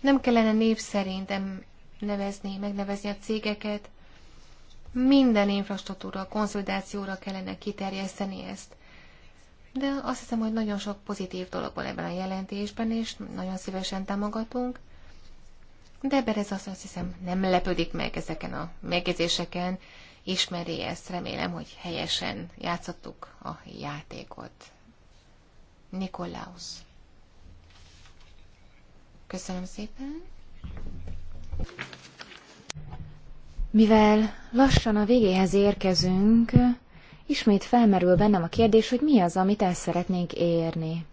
nem kellene név szerint nevezni, megnevezni a cégeket. Minden infrastruktúra, konszolidációra kellene kiterjeszteni ezt. De azt hiszem, hogy nagyon sok pozitív dolog van ebben a jelentésben, és nagyon szívesen támogatunk. De ebben ez azt hiszem nem lepődik meg ezeken a megjegyzéseken, ismeri ezt, remélem, hogy helyesen játszottuk a játékot. Nikolaus. Köszönöm szépen. Mivel lassan a végéhez érkezünk, ismét felmerül bennem a kérdés, hogy mi az, amit el szeretnénk érni.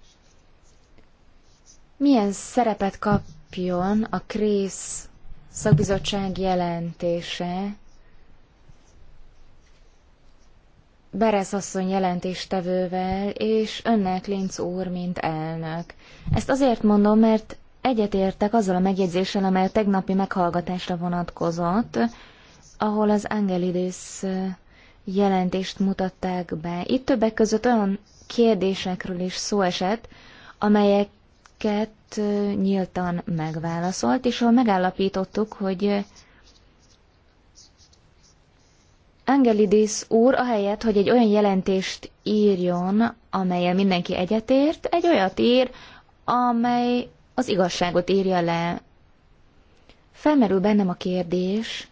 Milyen szerepet kapjon a Krész szakbizottság jelentése, Beresz asszony jelentéstevővel, és önnek Linz úr, mint elnök. Ezt azért mondom, mert Egyetértek azzal a megjegyzéssel, amely a tegnapi meghallgatásra vonatkozott, ahol az Angelidis jelentést mutatták be. Itt többek között olyan kérdésekről is szó esett, amelyeket nyíltan megválaszolt, és ahol megállapítottuk, hogy Angelidis úr ahelyett, hogy egy olyan jelentést írjon, amelyel mindenki egyetért, egy olyat ír, amely az igazságot írja le. Felmerül bennem a kérdés,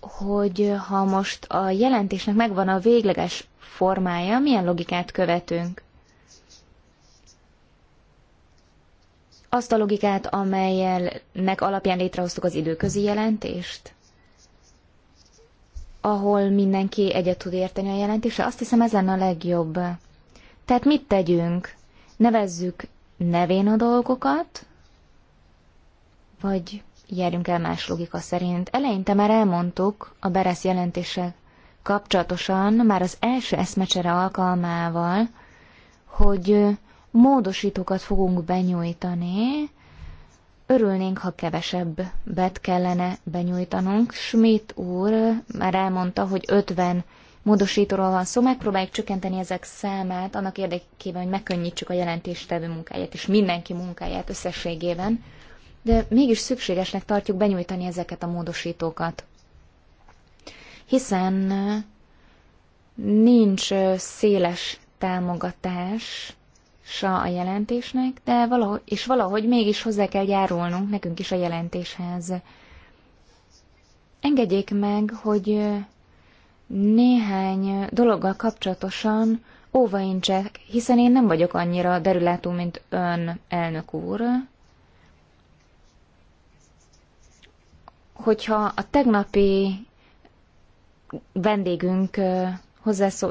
hogy ha most a jelentésnek megvan a végleges formája, milyen logikát követünk? Azt a logikát, amelyelnek alapján létrehoztuk az időközi jelentést? Ahol mindenki egyet tud érteni a jelentésre? Azt hiszem ez lenne a legjobb. Tehát mit tegyünk? Nevezzük nevén a dolgokat, vagy járjunk el más logika szerint. Eleinte már elmondtuk a Beresz jelentése kapcsolatosan, már az első eszmecsere alkalmával, hogy módosítókat fogunk benyújtani, örülnénk, ha kevesebb bet kellene benyújtanunk. Schmidt úr már elmondta, hogy 50 módosítóról van szó, megpróbáljuk csökkenteni ezek számát annak érdekében, hogy megkönnyítsük a jelentéstevő munkáját és mindenki munkáját összességében, de mégis szükségesnek tartjuk benyújtani ezeket a módosítókat. Hiszen uh, nincs uh, széles támogatás sa a jelentésnek, de valahogy, és valahogy mégis hozzá kell járulnunk nekünk is a jelentéshez. Engedjék meg, hogy uh, néhány dologgal kapcsolatosan óvaincsek, hiszen én nem vagyok annyira derülátó, mint ön, elnök úr. Hogyha a tegnapi vendégünk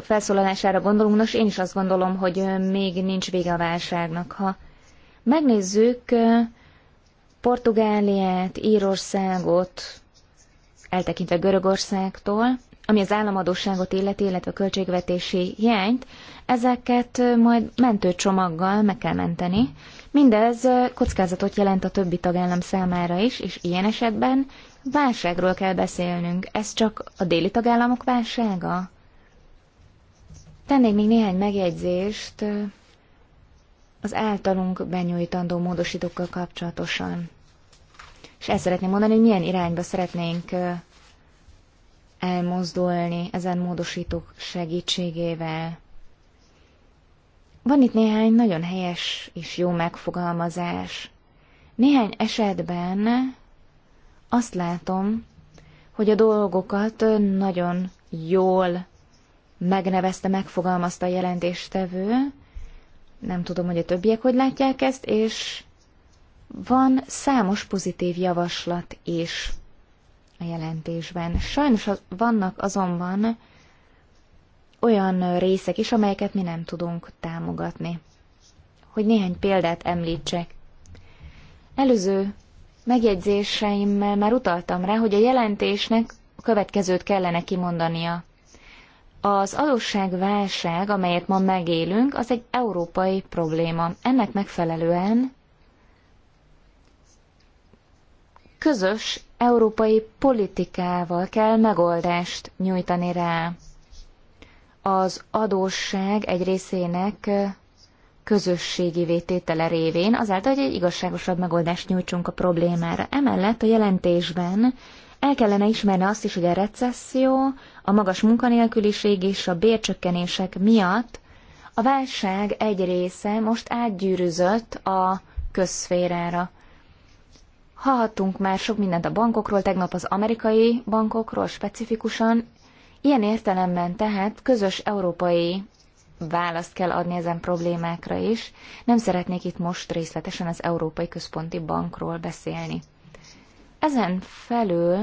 felszólalására gondolunk, nos én is azt gondolom, hogy még nincs vége a válságnak. Ha megnézzük Portugáliát, Írországot, eltekintve Görögországtól, ami az államadóságot illeti, illetve a költségvetési hiányt, ezeket majd mentőcsomaggal meg kell menteni. Mindez kockázatot jelent a többi tagállam számára is, és ilyen esetben válságról kell beszélnünk. Ez csak a déli tagállamok válsága? Tennék még néhány megjegyzést az általunk benyújtandó módosítókkal kapcsolatosan. És ezt szeretném mondani, hogy milyen irányba szeretnénk elmozdulni ezen módosítók segítségével. Van itt néhány nagyon helyes és jó megfogalmazás. Néhány esetben azt látom, hogy a dolgokat nagyon jól megnevezte, megfogalmazta a jelentéstevő. Nem tudom, hogy a többiek hogy látják ezt, és van számos pozitív javaslat is a jelentésben. Sajnos az, vannak azonban olyan részek is, amelyeket mi nem tudunk támogatni. Hogy néhány példát említsek. Előző megjegyzéseimmel már utaltam rá, hogy a jelentésnek a következőt kellene kimondania. Az adósságválság, amelyet ma megélünk, az egy európai probléma. Ennek megfelelően közös európai politikával kell megoldást nyújtani rá. Az adósság egy részének közösségi vététele révén, azáltal, hogy egy igazságosabb megoldást nyújtsunk a problémára. Emellett a jelentésben el kellene ismerni azt is, hogy a recesszió, a magas munkanélküliség és a bércsökkenések miatt a válság egy része most átgyűrűzött a közszférára. Hallhattunk már sok mindent a bankokról, tegnap az amerikai bankokról specifikusan. Ilyen értelemben tehát közös európai választ kell adni ezen problémákra is. Nem szeretnék itt most részletesen az Európai Központi Bankról beszélni. Ezen felül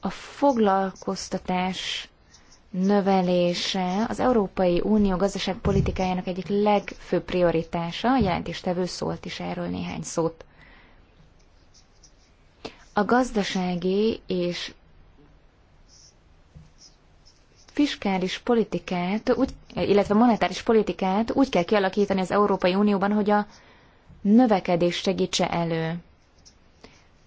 a foglalkoztatás növelése az Európai Unió gazdaságpolitikájának egyik legfőbb prioritása, a jelentéstevő szólt is erről néhány szót. A gazdasági és fiskális politikát, úgy, illetve monetáris politikát úgy kell kialakítani az Európai Unióban, hogy a növekedés segítse elő.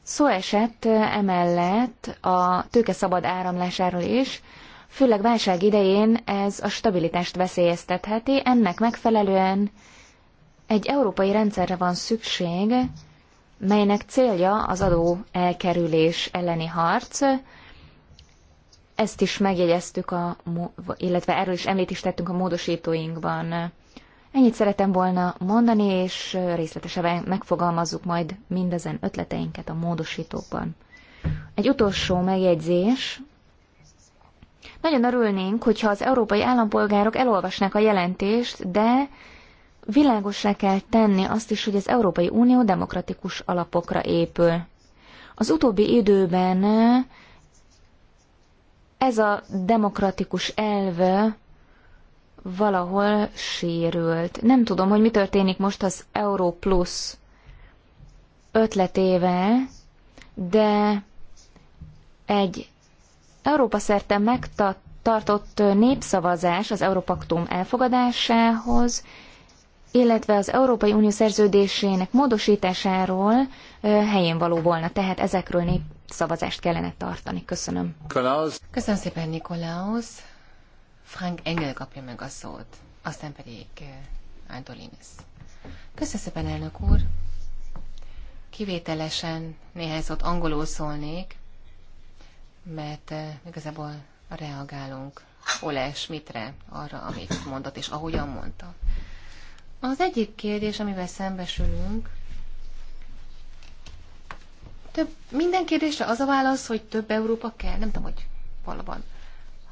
Szó esett emellett a tőke szabad áramlásáról is, főleg válság idején ez a stabilitást veszélyeztetheti, ennek megfelelően egy európai rendszerre van szükség, melynek célja az adó elkerülés elleni harc. Ezt is megjegyeztük, a, illetve erről is említést tettünk a módosítóinkban. Ennyit szeretem volna mondani, és részletesebben megfogalmazzuk majd mindezen ötleteinket a módosítókban. Egy utolsó megjegyzés. Nagyon örülnénk, hogyha az európai állampolgárok elolvasnák a jelentést, de Világosá kell tenni azt is, hogy az Európai Unió demokratikus alapokra épül. Az utóbbi időben ez a demokratikus elve valahol sérült. Nem tudom, hogy mi történik most az Euró Plus ötletével, de egy Európa szerte megtartott népszavazás az Európaktum elfogadásához illetve az Európai Unió szerződésének módosításáról helyén való volna, tehát ezekről nép szavazást kellene tartani. Köszönöm. Nikolaus. Köszönöm szépen, Nikolaus. Frank Engel kapja meg a szót, aztán pedig Antolinus. Köszönöm szépen, elnök úr. Kivételesen néhány szót angolul szólnék, mert igazából reagálunk Ole Schmidtre, arra, amit mondott és ahogyan mondta. Az egyik kérdés, amivel szembesülünk, több, minden kérdésre az a válasz, hogy több Európa kell. Nem tudom, hogy valóban.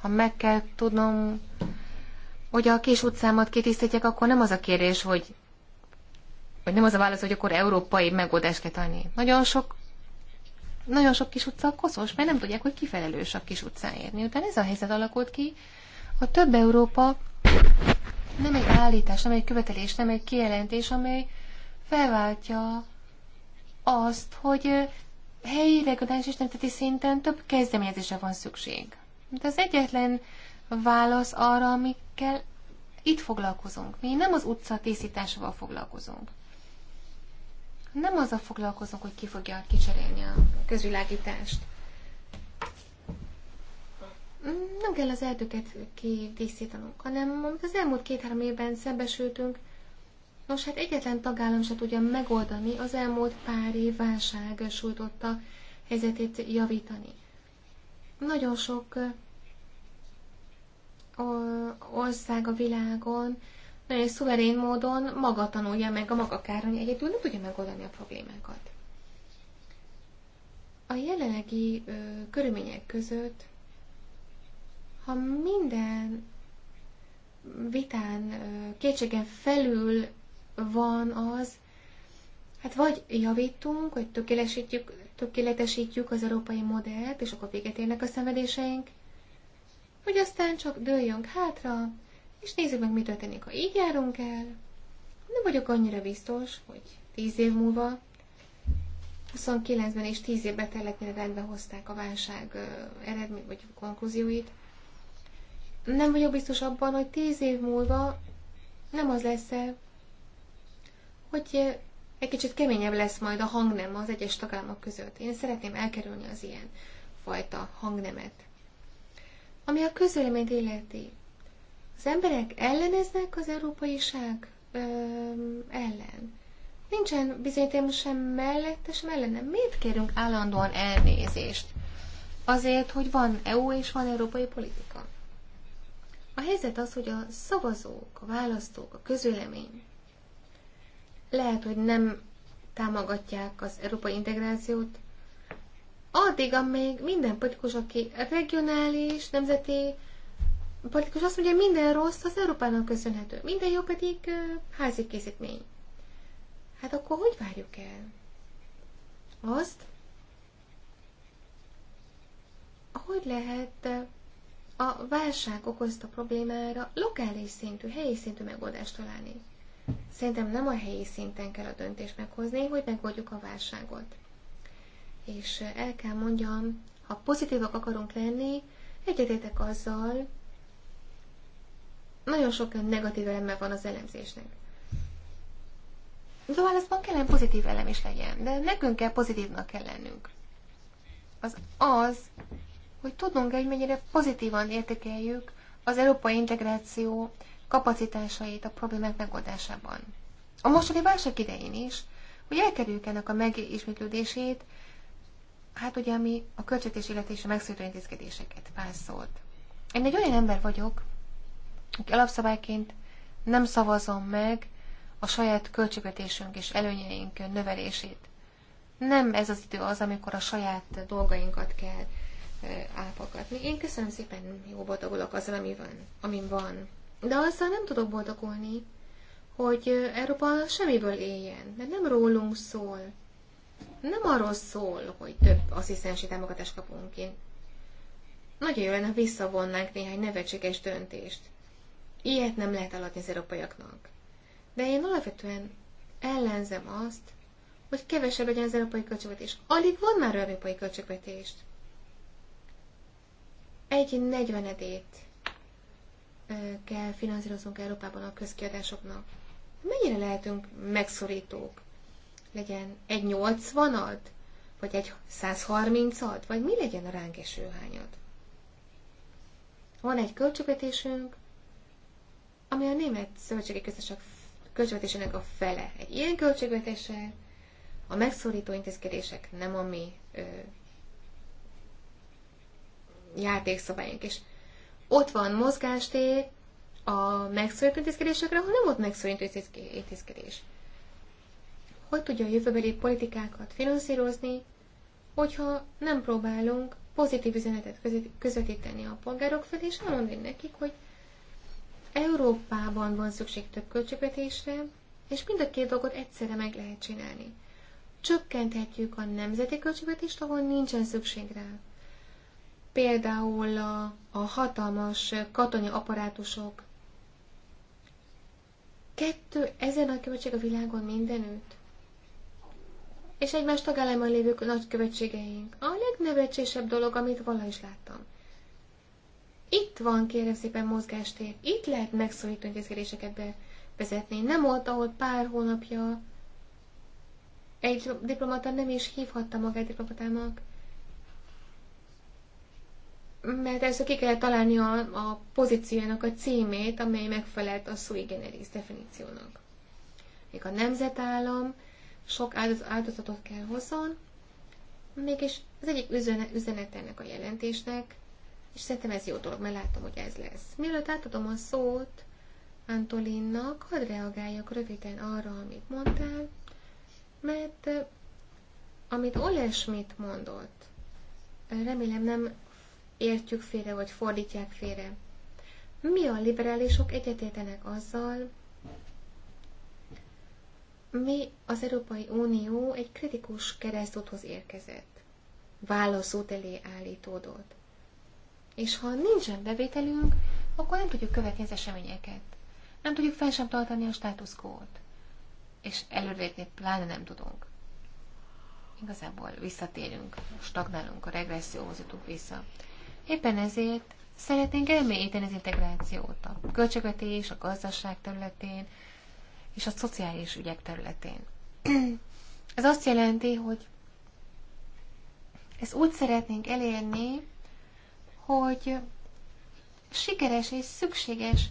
Ha meg kell tudnom, hogy a kis utcámat kitisztítják, akkor nem az a kérdés, hogy vagy nem az a válasz, hogy akkor európai megoldást kell találni. Nagyon sok nagyon sok kis utca koszos, mert nem tudják, hogy kifelelős a kis utcáért. Miután ez a helyzet alakult ki, a több Európa nem egy állítás, nem egy követelés, nem egy kijelentés, amely felváltja azt, hogy helyi, regionális és nemzeti szinten több kezdeményezésre van szükség. De az egyetlen válasz arra, amikkel itt foglalkozunk. Mi nem az utca tisztításával foglalkozunk. Nem azzal foglalkozunk, hogy ki fogja kicserélni a közvilágítást nem kell az erdőket kikészítenünk, hanem amit az elmúlt két-három évben szembesültünk, nos hát egyetlen tagállam se tudja megoldani az elmúlt pár év válság sújtotta helyzetét javítani. Nagyon sok ország a világon nagyon szuverén módon maga tanulja meg a maga károny, egyedül nem tudja megoldani a problémákat. A jelenlegi ö, körülmények között ha minden vitán kétségen felül van az, hát vagy javítunk, vagy tökéletesítjük, tökéletesítjük az európai modellt, és akkor véget érnek a szenvedéseink, hogy aztán csak dőljünk hátra, és nézzük meg, mi történik, ha így járunk el. Nem vagyok annyira biztos, hogy tíz év múlva, 29-ben és 10 évbe telett, rendbe hozták a válság eredmény vagy konklúzióit nem vagyok biztos abban, hogy tíz év múlva nem az lesz -e, hogy egy kicsit keményebb lesz majd a hangnem az egyes tagállamok között. Én szeretném elkerülni az ilyen fajta hangnemet. Ami a közöleményt illeti, az emberek elleneznek az európai ság ellen. Nincsen bizonyítékom sem mellette, sem ellene. Miért kérünk állandóan elnézést? Azért, hogy van EU és van európai politika. A helyzet az, hogy a szavazók, a választók, a közülemény lehet, hogy nem támogatják az európai integrációt, addig, amíg minden politikus, aki regionális, nemzeti politikus azt mondja, hogy minden rossz az Európának köszönhető, minden jó pedig házi készítmény. Hát akkor hogy várjuk el? Azt, hogy lehet a válság okozta problémára lokális szintű, helyi szintű megoldást találni. Szerintem nem a helyi szinten kell a döntést meghozni, hogy megoldjuk a válságot. És el kell mondjam, ha pozitívak akarunk lenni, egyetétek azzal, nagyon sok negatív eleme van az elemzésnek. De válaszban kellene pozitív elem is legyen, de nekünk kell pozitívnak kell lennünk. Az az, hogy tudnunk egy mennyire pozitívan értékeljük az európai integráció kapacitásait a problémák megoldásában. A mostani válság idején is, hogy elkerüljük ennek a megismétlődését, hát ugye ami a költségvetés a megszűrő intézkedéseket válaszolt. Én egy olyan ember vagyok, aki alapszabályként nem szavazom meg a saját költségvetésünk és előnyeink növelését. Nem ez az idő az, amikor a saját dolgainkat kell ápakatni. Én köszönöm szépen, jó boldogulok azzal, ami van, amin van. De azzal nem tudok boldogulni, hogy Európa semmiből éljen, mert nem rólunk szól. Nem arról szól, hogy több asszisztensi támogatást kapunk. Én nagyon jó lenne, ha visszavonnánk néhány nevetséges döntést. Ilyet nem lehet eladni az európaiaknak. De én alapvetően ellenzem azt, hogy kevesebb legyen az európai költségvetés. Alig van már európai költségvetést. Egy negyvenedét kell finanszíroznunk Európában a közkiadásoknak. Mennyire lehetünk megszorítók? Legyen egy 80-ad? Vagy egy 130-ad? Vagy mi legyen a ránk eső hányad? Van egy költségvetésünk, ami a német szövetségi köztesek költségvetésének a fele. Egy ilyen költségvetéssel a megszorító intézkedések nem a mi ö, játékszobáink. És ott van mozgástér a megszólító intézkedésekre, ahol nem ott megszólító intézkedés. Hogy tudja a jövőbeli politikákat finanszírozni, hogyha nem próbálunk pozitív üzenetet közvetíteni a polgárok felé, és elmondani nekik, hogy Európában van szükség több költségvetésre, és mind a két dolgot egyszerre meg lehet csinálni. Csökkenthetjük a nemzeti költségvetést, ahol nincsen szükség rá. Például a, a hatalmas katonai apparátusok. Kettő ezen a követség a világon mindenütt. És egymás tagállamban lévő nagykövetségeink. A legnevetsésebb dolog, amit valaha is láttam. Itt van, kérem szépen, mozgástér. Itt lehet megszorító intézkedéseket bevezetni. Nem volt ahol pár hónapja egy diplomata nem is hívhatta magát diplomatának mert először ki kell találni a, a pozíciónak a címét, amely megfelelt a sui generis definíciónak. Még a nemzetállam sok áldozatot kell hozzon, mégis az egyik üzenet ennek a jelentésnek, és szerintem ez jó dolog, mert látom, hogy ez lesz. Mielőtt átadom a szót Antolinnak, hadd reagáljak röviden arra, amit mondtál, mert eh, amit Ole mondott, remélem nem értjük félre, vagy fordítják félre. Mi a liberálisok egyetértenek azzal, mi az Európai Unió egy kritikus keresztúthoz érkezett, válaszút elé állítódott. És ha nincsen bevételünk, akkor nem tudjuk követni az eseményeket. Nem tudjuk fel sem tartani a státuszkót. És előrelépni pláne nem tudunk. Igazából visszatérünk, stagnálunk, a regresszióhoz jutunk vissza. Éppen ezért szeretnénk elmélyíteni az integrációt a költségvetés, a gazdaság területén és a szociális ügyek területén. Ez azt jelenti, hogy ezt úgy szeretnénk elérni, hogy sikeres és szükséges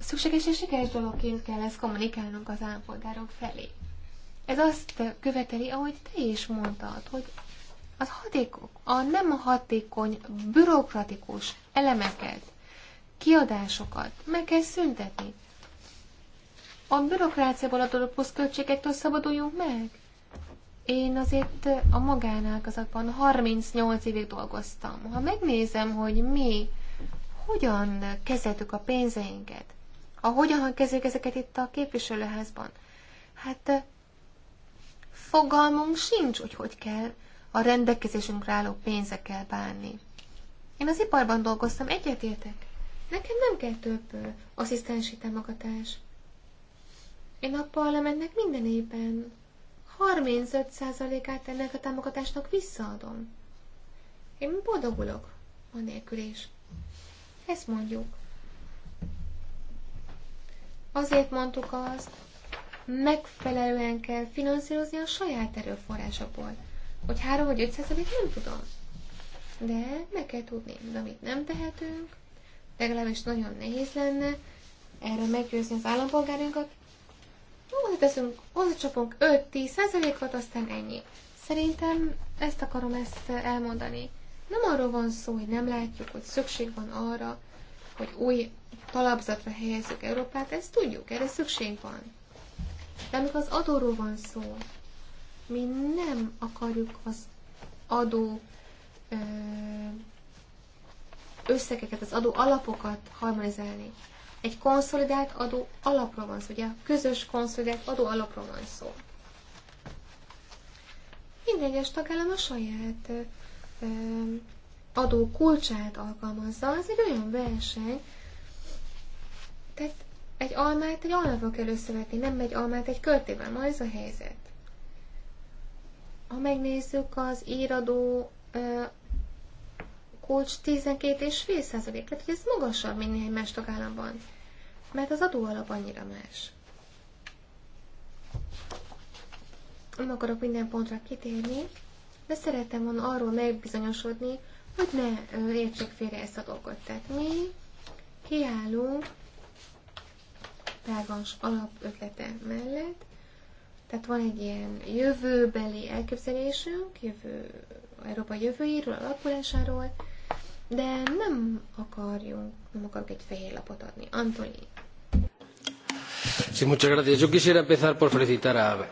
szükséges és sikeres dologként kell ezt kommunikálnunk az állampolgárok felé. Ez azt követeli, ahogy te is mondtad, hogy az hatékok, a nem hatékony, bürokratikus elemeket, kiadásokat meg kell szüntetni. A bürokráciából adott pluszköltségektől szabaduljunk meg. Én azért a magánálkozatban 38 évig dolgoztam. Ha megnézem, hogy mi hogyan kezeltük a pénzeinket, a hogyan kezeljük ezeket itt a képviselőházban, hát fogalmunk sincs, hogy hogy kell a rendelkezésünkre álló pénzekkel bánni. Én az iparban dolgoztam, egyetértek. Nekem nem kell több asszisztensi támogatás. Én a parlamentnek minden évben 35%-át ennek a támogatásnak visszaadom. Én boldogulok, nélkül is. Ezt mondjuk. Azért mondtuk azt, megfelelően kell finanszírozni a saját erőforrásokból. Hogy három vagy 5 százalék, nem tudom. De meg kell tudni, de amit nem tehetünk, legalábbis nagyon nehéz lenne erre meggyőzni az állampolgárinkat, oda hát teszünk, oda csapunk 5-10 százalékot, aztán ennyi. Szerintem ezt akarom ezt elmondani. Nem arról van szó, hogy nem látjuk, hogy szükség van arra, hogy új talapzatra helyezzük Európát, ezt tudjuk, erre szükség van. De amikor az adóról van szó, mi nem akarjuk az adó összegeket, az adó alapokat harmonizálni. Egy konszolidált adó alapról van szó, ugye közös konszolidált adó alapról van szó. Minden egyes tagállam a saját ö, adó kulcsát alkalmazza, az egy olyan verseny, tehát egy almát egy almával kell összevetni, nem egy almát egy körtével. Ma ez a helyzet. Ha megnézzük az íradó kulcs 12,5%, tehát hogy ez magasabb, mint néhány más tagállamban, mert az adó alap annyira más. Nem akarok minden pontra kitérni, de szeretem volna arról megbizonyosodni, hogy ne értsék félre ezt a dolgot. Tehát mi kiállunk tágas alapötlete mellett. Tehát van egy ilyen jövőbeli elképzelésünk, jövő, Európa jövőjéről, alakulásáról, de nem akarjunk, nem akarok egy fehér lapot adni. Antoni. Sí, muchas gracias. Yo quisiera empezar por felicitar a...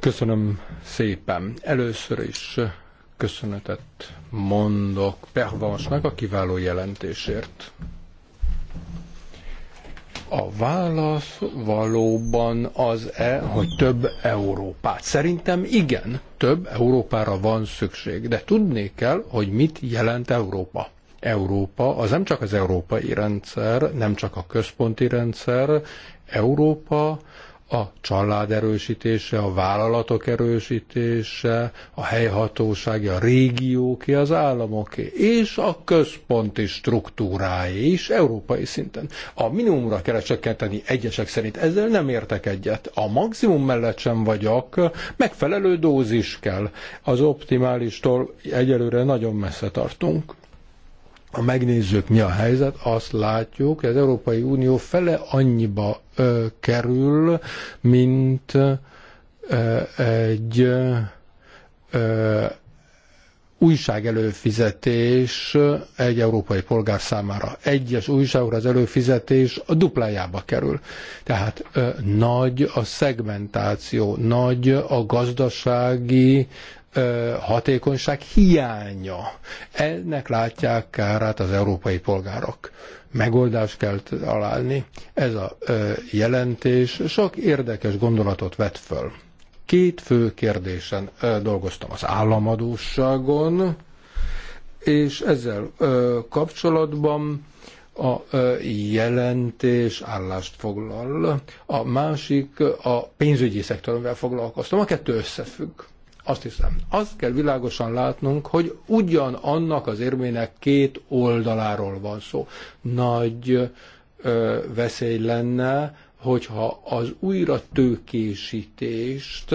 Köszönöm szépen. Először is köszönetet mondok Pervansnak a kiváló jelentésért. A válasz valóban az-e, hogy több Európát? Szerintem igen, több Európára van szükség, de tudni kell, hogy mit jelent Európa. Európa az nem csak az európai rendszer, nem csak a központi rendszer, Európa a család erősítése, a vállalatok erősítése, a helyhatósági, a régióké, az államoké, és a központi struktúrái is európai szinten. A minimumra kell csökkenteni egyesek szerint, ezzel nem értek egyet. A maximum mellett sem vagyok, megfelelő dózis kell. Az optimálistól egyelőre nagyon messze tartunk ha megnézzük, mi a helyzet, azt látjuk, hogy az Európai Unió fele annyiba ö, kerül, mint ö, egy ö, újság előfizetés egy európai polgár számára. Egyes újságokra az előfizetés a duplájába kerül. Tehát ö, nagy a szegmentáció, nagy a gazdasági hatékonyság hiánya. Ennek látják kárát az európai polgárok. Megoldást kell találni. Ez a jelentés sok érdekes gondolatot vet föl. Két fő kérdésen dolgoztam az államadóságon, és ezzel kapcsolatban a jelentés állást foglal. A másik a pénzügyi szektorral foglalkoztam. A kettő összefügg azt hiszem, azt kell világosan látnunk, hogy ugyan annak az érmének két oldaláról van szó. Nagy ö, veszély lenne, hogyha az újra tőkésítést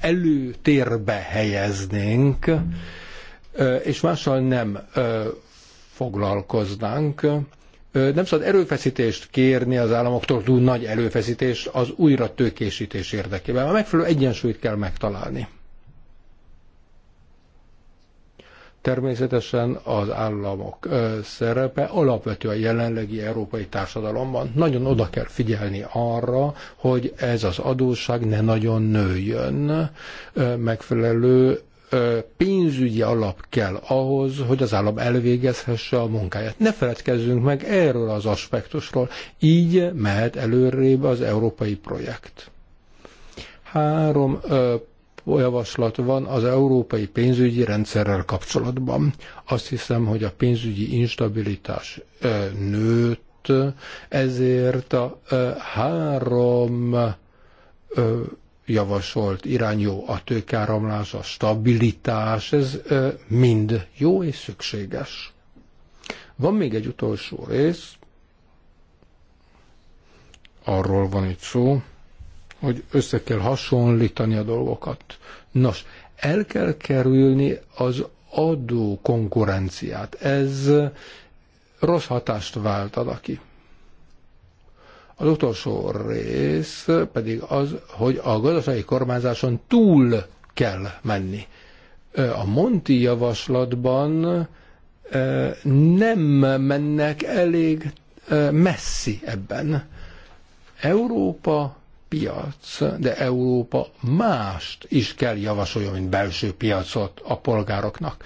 előtérbe helyeznénk, és mással nem foglalkoznánk, nem szabad erőfeszítést kérni az államoktól, túl nagy előfeszítést az újra tőkésítés érdekében. A megfelelő egyensúlyt kell megtalálni. Természetesen az államok szerepe alapvető a jelenlegi európai társadalomban. Nagyon oda kell figyelni arra, hogy ez az adósság ne nagyon nőjön. Megfelelő pénzügyi alap kell ahhoz, hogy az állam elvégezhesse a munkáját. Ne feledkezzünk meg erről az aspektusról. Így mehet előrébb az európai projekt. Három javaslat van az európai pénzügyi rendszerrel kapcsolatban. Azt hiszem, hogy a pénzügyi instabilitás ö, nőtt, ezért a ö, három ö, javasolt irány jó, a tőkáramlás, a stabilitás, ez mind jó és szükséges. Van még egy utolsó rész, arról van itt szó, hogy össze kell hasonlítani a dolgokat. Nos, el kell kerülni az adó konkurenciát. Ez rossz hatást vált aki. Az utolsó rész pedig az, hogy a gazdasági kormányzáson túl kell menni. A Monti javaslatban nem mennek elég messzi ebben. Európa piac, de Európa mást is kell javasoljon, mint belső piacot a polgároknak.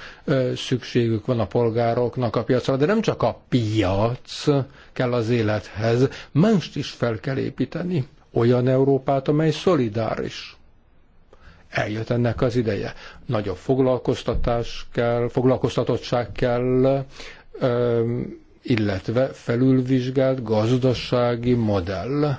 Szükségük van a polgároknak a piacra, de nem csak a piac kell az élethez, mást is fel kell építeni. Olyan Európát, amely szolidáris. Eljött ennek az ideje. Nagyobb foglalkoztatás kell, foglalkoztatottság kell, illetve felülvizsgált gazdasági modell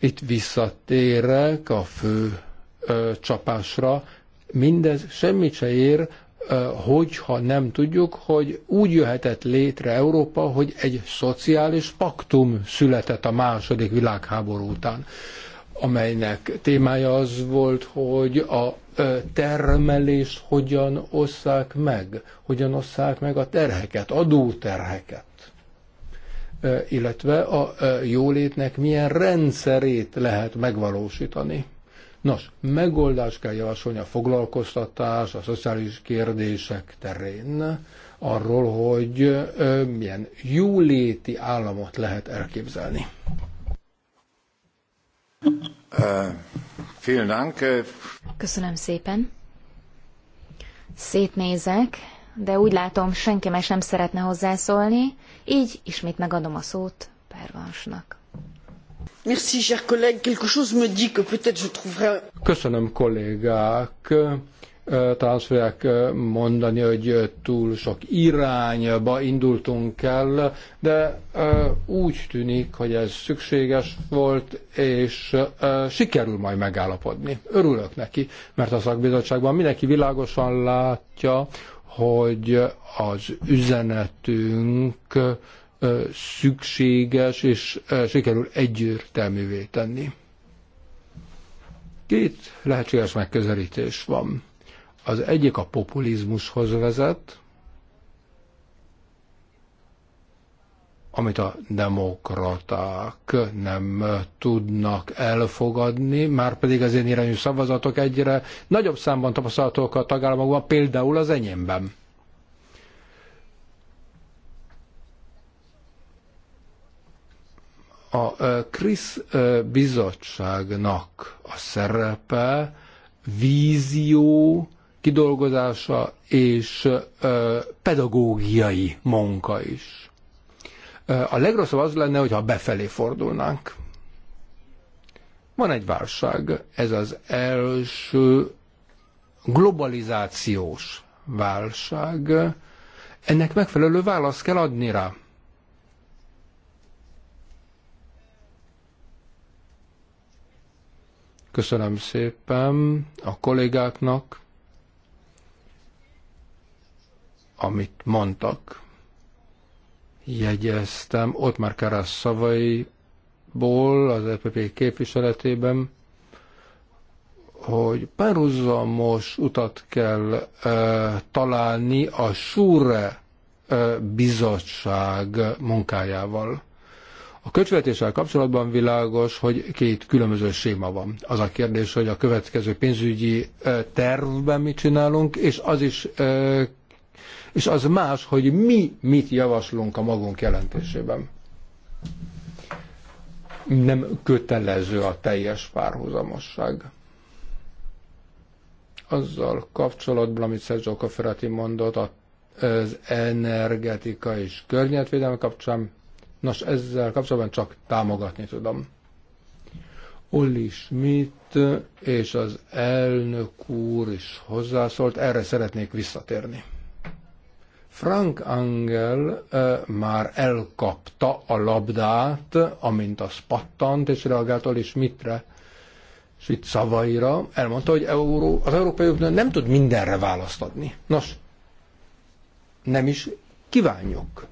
itt visszatérek a fő ö, csapásra. Mindez semmit se ér, ö, hogyha nem tudjuk, hogy úgy jöhetett létre Európa, hogy egy szociális paktum született a második világháború után amelynek témája az volt, hogy a termelést hogyan osszák meg, hogyan osszák meg a terheket, adóterheket illetve a jólétnek milyen rendszerét lehet megvalósítani. Nos, megoldást kell javasolni a foglalkoztatás, a szociális kérdések terén, arról, hogy milyen jóléti államot lehet elképzelni. Köszönöm szépen. Szétnézek, de úgy látom, senki más nem szeretne hozzászólni, így ismét megadom a szót Pervansnak. Köszönöm, kollégák. Talán azt fogják mondani, hogy túl sok irányba indultunk el, de úgy tűnik, hogy ez szükséges volt, és sikerül majd megállapodni. Örülök neki, mert a szakbizottságban mindenki világosan látja, hogy az üzenetünk szükséges, és sikerül egyértelművé tenni. Két lehetséges megközelítés van. Az egyik a populizmushoz vezet, amit a demokraták nem tudnak elfogadni, már pedig az én irányú szavazatok egyre nagyobb számban tapasztalatok a tagállamokban, például az enyémben. A Krisz bizottságnak a szerepe, vízió, kidolgozása és pedagógiai munka is a legrosszabb az lenne, hogyha befelé fordulnánk. Van egy válság, ez az első globalizációs válság. Ennek megfelelő választ kell adni rá. Köszönöm szépen a kollégáknak, amit mondtak jegyeztem ott már Karasz szavaiból az EPP képviseletében, hogy párhuzamos utat kell e, találni a Súre e, bizottság munkájával. A kötvetéssel kapcsolatban világos, hogy két különböző séma van. Az a kérdés, hogy a következő pénzügyi tervben mit csinálunk, és az is és az más, hogy mi mit javaslunk a magunk jelentésében. Nem kötelező a teljes párhuzamosság. Azzal kapcsolatban, amit Szerzsó Cofferati mondott, az energetika és környezetvédelem kapcsán, nos, ezzel kapcsolatban csak támogatni tudom. Olli Schmidt és az elnök úr is hozzászólt, erre szeretnék visszatérni. Frank Angel már elkapta a labdát, amint az pattant, és reagált Oli Schmidtre, és itt szavaira, elmondta, hogy Euró, az Európai Unió nem tud mindenre választ adni. Nos, nem is kívánjuk.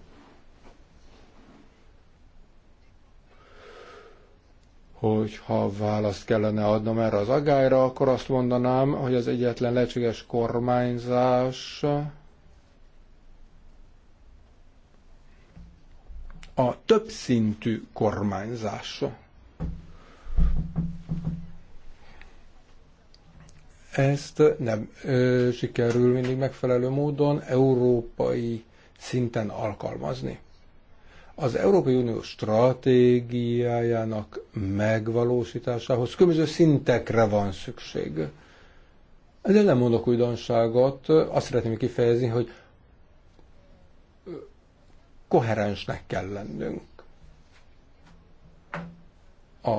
Hogyha választ kellene adnom erre az agályra, akkor azt mondanám, hogy az egyetlen lehetséges kormányzás a többszintű kormányzása. Ezt nem ö, sikerül mindig megfelelő módon európai szinten alkalmazni. Az Európai Unió stratégiájának megvalósításához különböző szintekre van szükség. Ezért nem mondok újdonságot, azt szeretném kifejezni, hogy koherensnek kell lennünk. A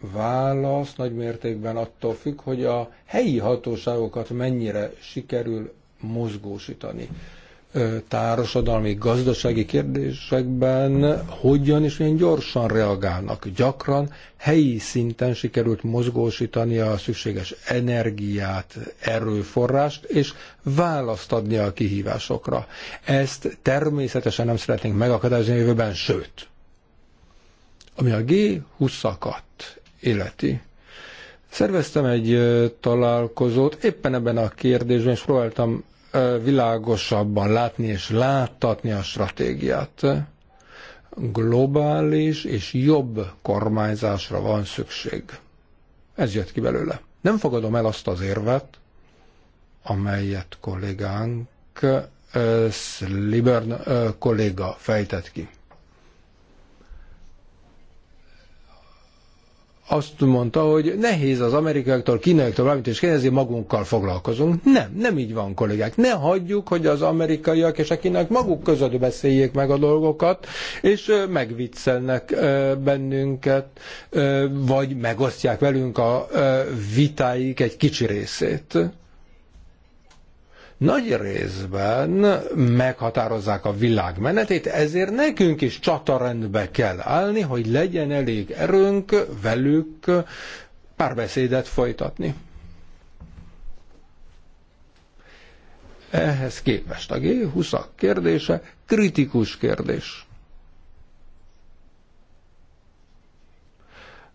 válasz nagy mértékben attól függ, hogy a helyi hatóságokat mennyire sikerül mozgósítani társadalmi, gazdasági kérdésekben hogyan és milyen gyorsan reagálnak. Gyakran helyi szinten sikerült mozgósítani a szükséges energiát, erőforrást, és választ adni a kihívásokra. Ezt természetesen nem szeretnénk megakadályozni a jövőben, sőt. Ami a G20-akat életi, Szerveztem egy találkozót éppen ebben a kérdésben, és próbáltam világosabban látni és láttatni a stratégiát. Globális és jobb kormányzásra van szükség. Ez jött ki belőle. Nem fogadom el azt az érvet, amelyet kollégánk Slibern kolléga fejtett ki. azt mondta, hogy nehéz az amerikaiaktól, kínaiaktól valamit, is kérdezni, magunkkal foglalkozunk. Nem, nem így van, kollégák. Ne hagyjuk, hogy az amerikaiak és a kínaiak maguk között beszéljék meg a dolgokat, és megviccelnek bennünket, vagy megosztják velünk a vitáik egy kicsi részét nagy részben meghatározzák a világ menetét, ezért nekünk is csatarendbe kell állni, hogy legyen elég erőnk velük párbeszédet folytatni. Ehhez képest a G20 kérdése kritikus kérdés.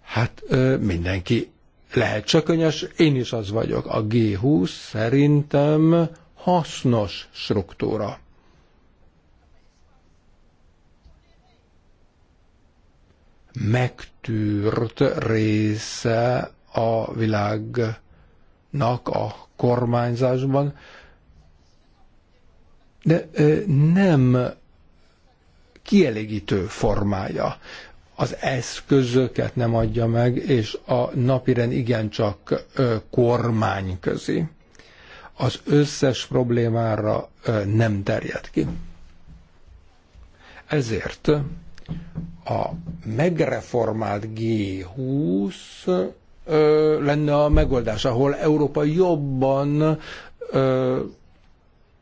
Hát mindenki lehet csak könyös, én is az vagyok. A G20 szerintem hasznos struktúra. Megtűrt része a világnak a kormányzásban, de nem kielégítő formája. Az eszközöket nem adja meg, és a napiren igencsak kormányközi az összes problémára nem terjed ki. Ezért a megreformált G20 lenne a megoldás, ahol Európa jobban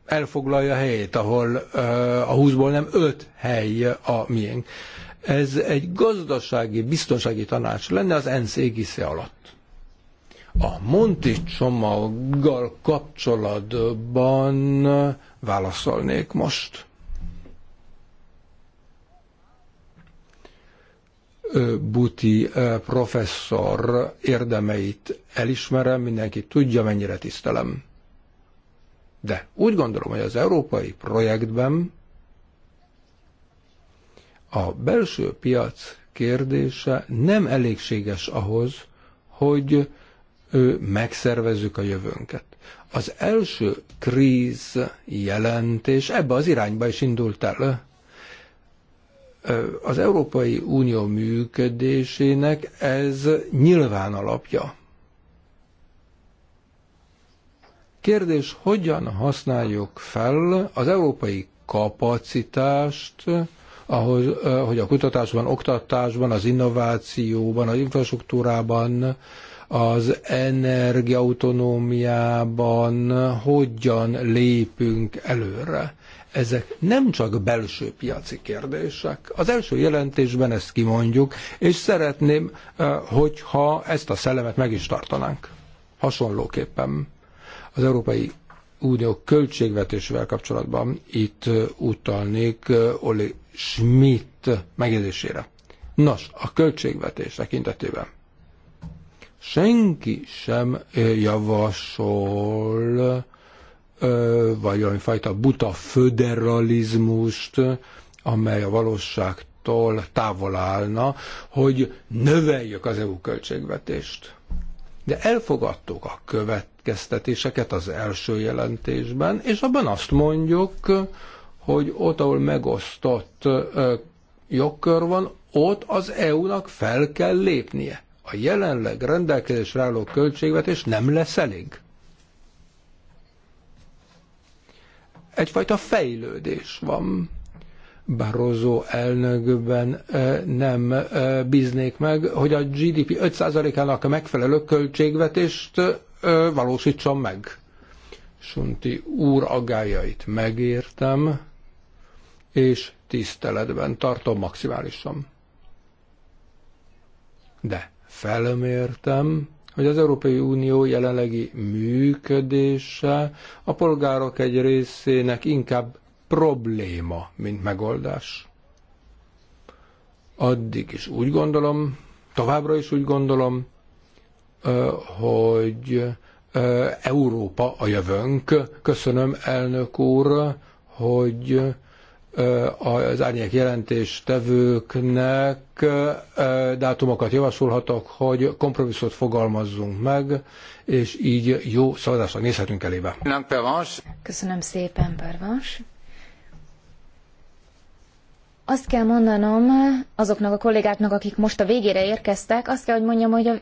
elfoglalja helyét, ahol a 20-ból nem 5 hely a miénk. Ez egy gazdasági, biztonsági tanács lenne az ENSZ égisze alatt. A Monti csomaggal kapcsolatban válaszolnék most. Buti professzor érdemeit elismerem, mindenki tudja, mennyire tisztelem. De úgy gondolom, hogy az európai projektben a belső piac kérdése nem elégséges ahhoz, hogy ő megszervezzük a jövőnket. Az első kríz jelentés ebbe az irányba is indult el. Az Európai Unió működésének ez nyilván alapja. Kérdés, hogyan használjuk fel az európai kapacitást, ahhoz, hogy a kutatásban, oktatásban, az innovációban, az infrastruktúrában, az energiautonómiában hogyan lépünk előre. Ezek nem csak belső piaci kérdések. Az első jelentésben ezt kimondjuk, és szeretném, eh, hogyha ezt a szellemet meg is tartanánk. Hasonlóképpen az Európai Unió költségvetésével kapcsolatban itt eh, utalnék eh, Oli Schmidt megjegyzésére. Nos, a költségvetés tekintetében senki sem javasol vagy fajta buta föderalizmust, amely a valóságtól távol állna, hogy növeljük az EU költségvetést. De elfogadtuk a következtetéseket az első jelentésben, és abban azt mondjuk, hogy ott, ahol megosztott jogkör van, ott az EU-nak fel kell lépnie a jelenleg rendelkezésre álló költségvetés nem lesz elég. Egyfajta fejlődés van. Barroso elnökben eh, nem eh, bíznék meg, hogy a GDP 5%-ának a megfelelő költségvetést eh, valósítson meg. Sunti úr agájait megértem, és tiszteletben tartom maximálisan. De felmértem, hogy az Európai Unió jelenlegi működése a polgárok egy részének inkább probléma, mint megoldás. Addig is úgy gondolom, továbbra is úgy gondolom, hogy Európa a jövőnk. Köszönöm, elnök úr, hogy az árnyék jelentéstevőknek dátumokat javasolhatok, hogy kompromisszot fogalmazzunk meg, és így jó szavazásra nézhetünk elébe. Köszönöm szépen, Pervas. Azt kell mondanom azoknak a kollégáknak, akik most a végére érkeztek, azt kell, hogy mondjam, hogy az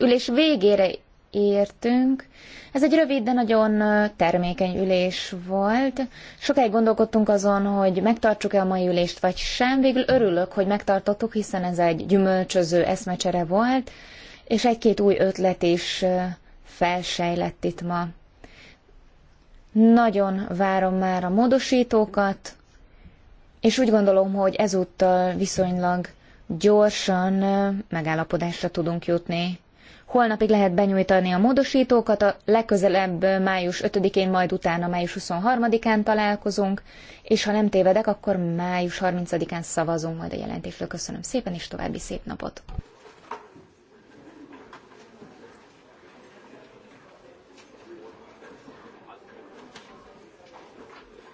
ülés végére értünk. Ez egy rövid, de nagyon termékeny ülés volt. Sokáig gondolkodtunk azon, hogy megtartsuk-e a mai ülést, vagy sem. Végül örülök, hogy megtartottuk, hiszen ez egy gyümölcsöző eszmecsere volt, és egy-két új ötlet is felsejlett itt ma. Nagyon várom már a módosítókat, és úgy gondolom, hogy ezúttal viszonylag gyorsan megállapodásra tudunk jutni Holnapig lehet benyújtani a módosítókat, a legközelebb május 5-én, majd utána május 23-án találkozunk, és ha nem tévedek, akkor május 30-án szavazunk majd a jelentésről. Köszönöm szépen, és további szép napot!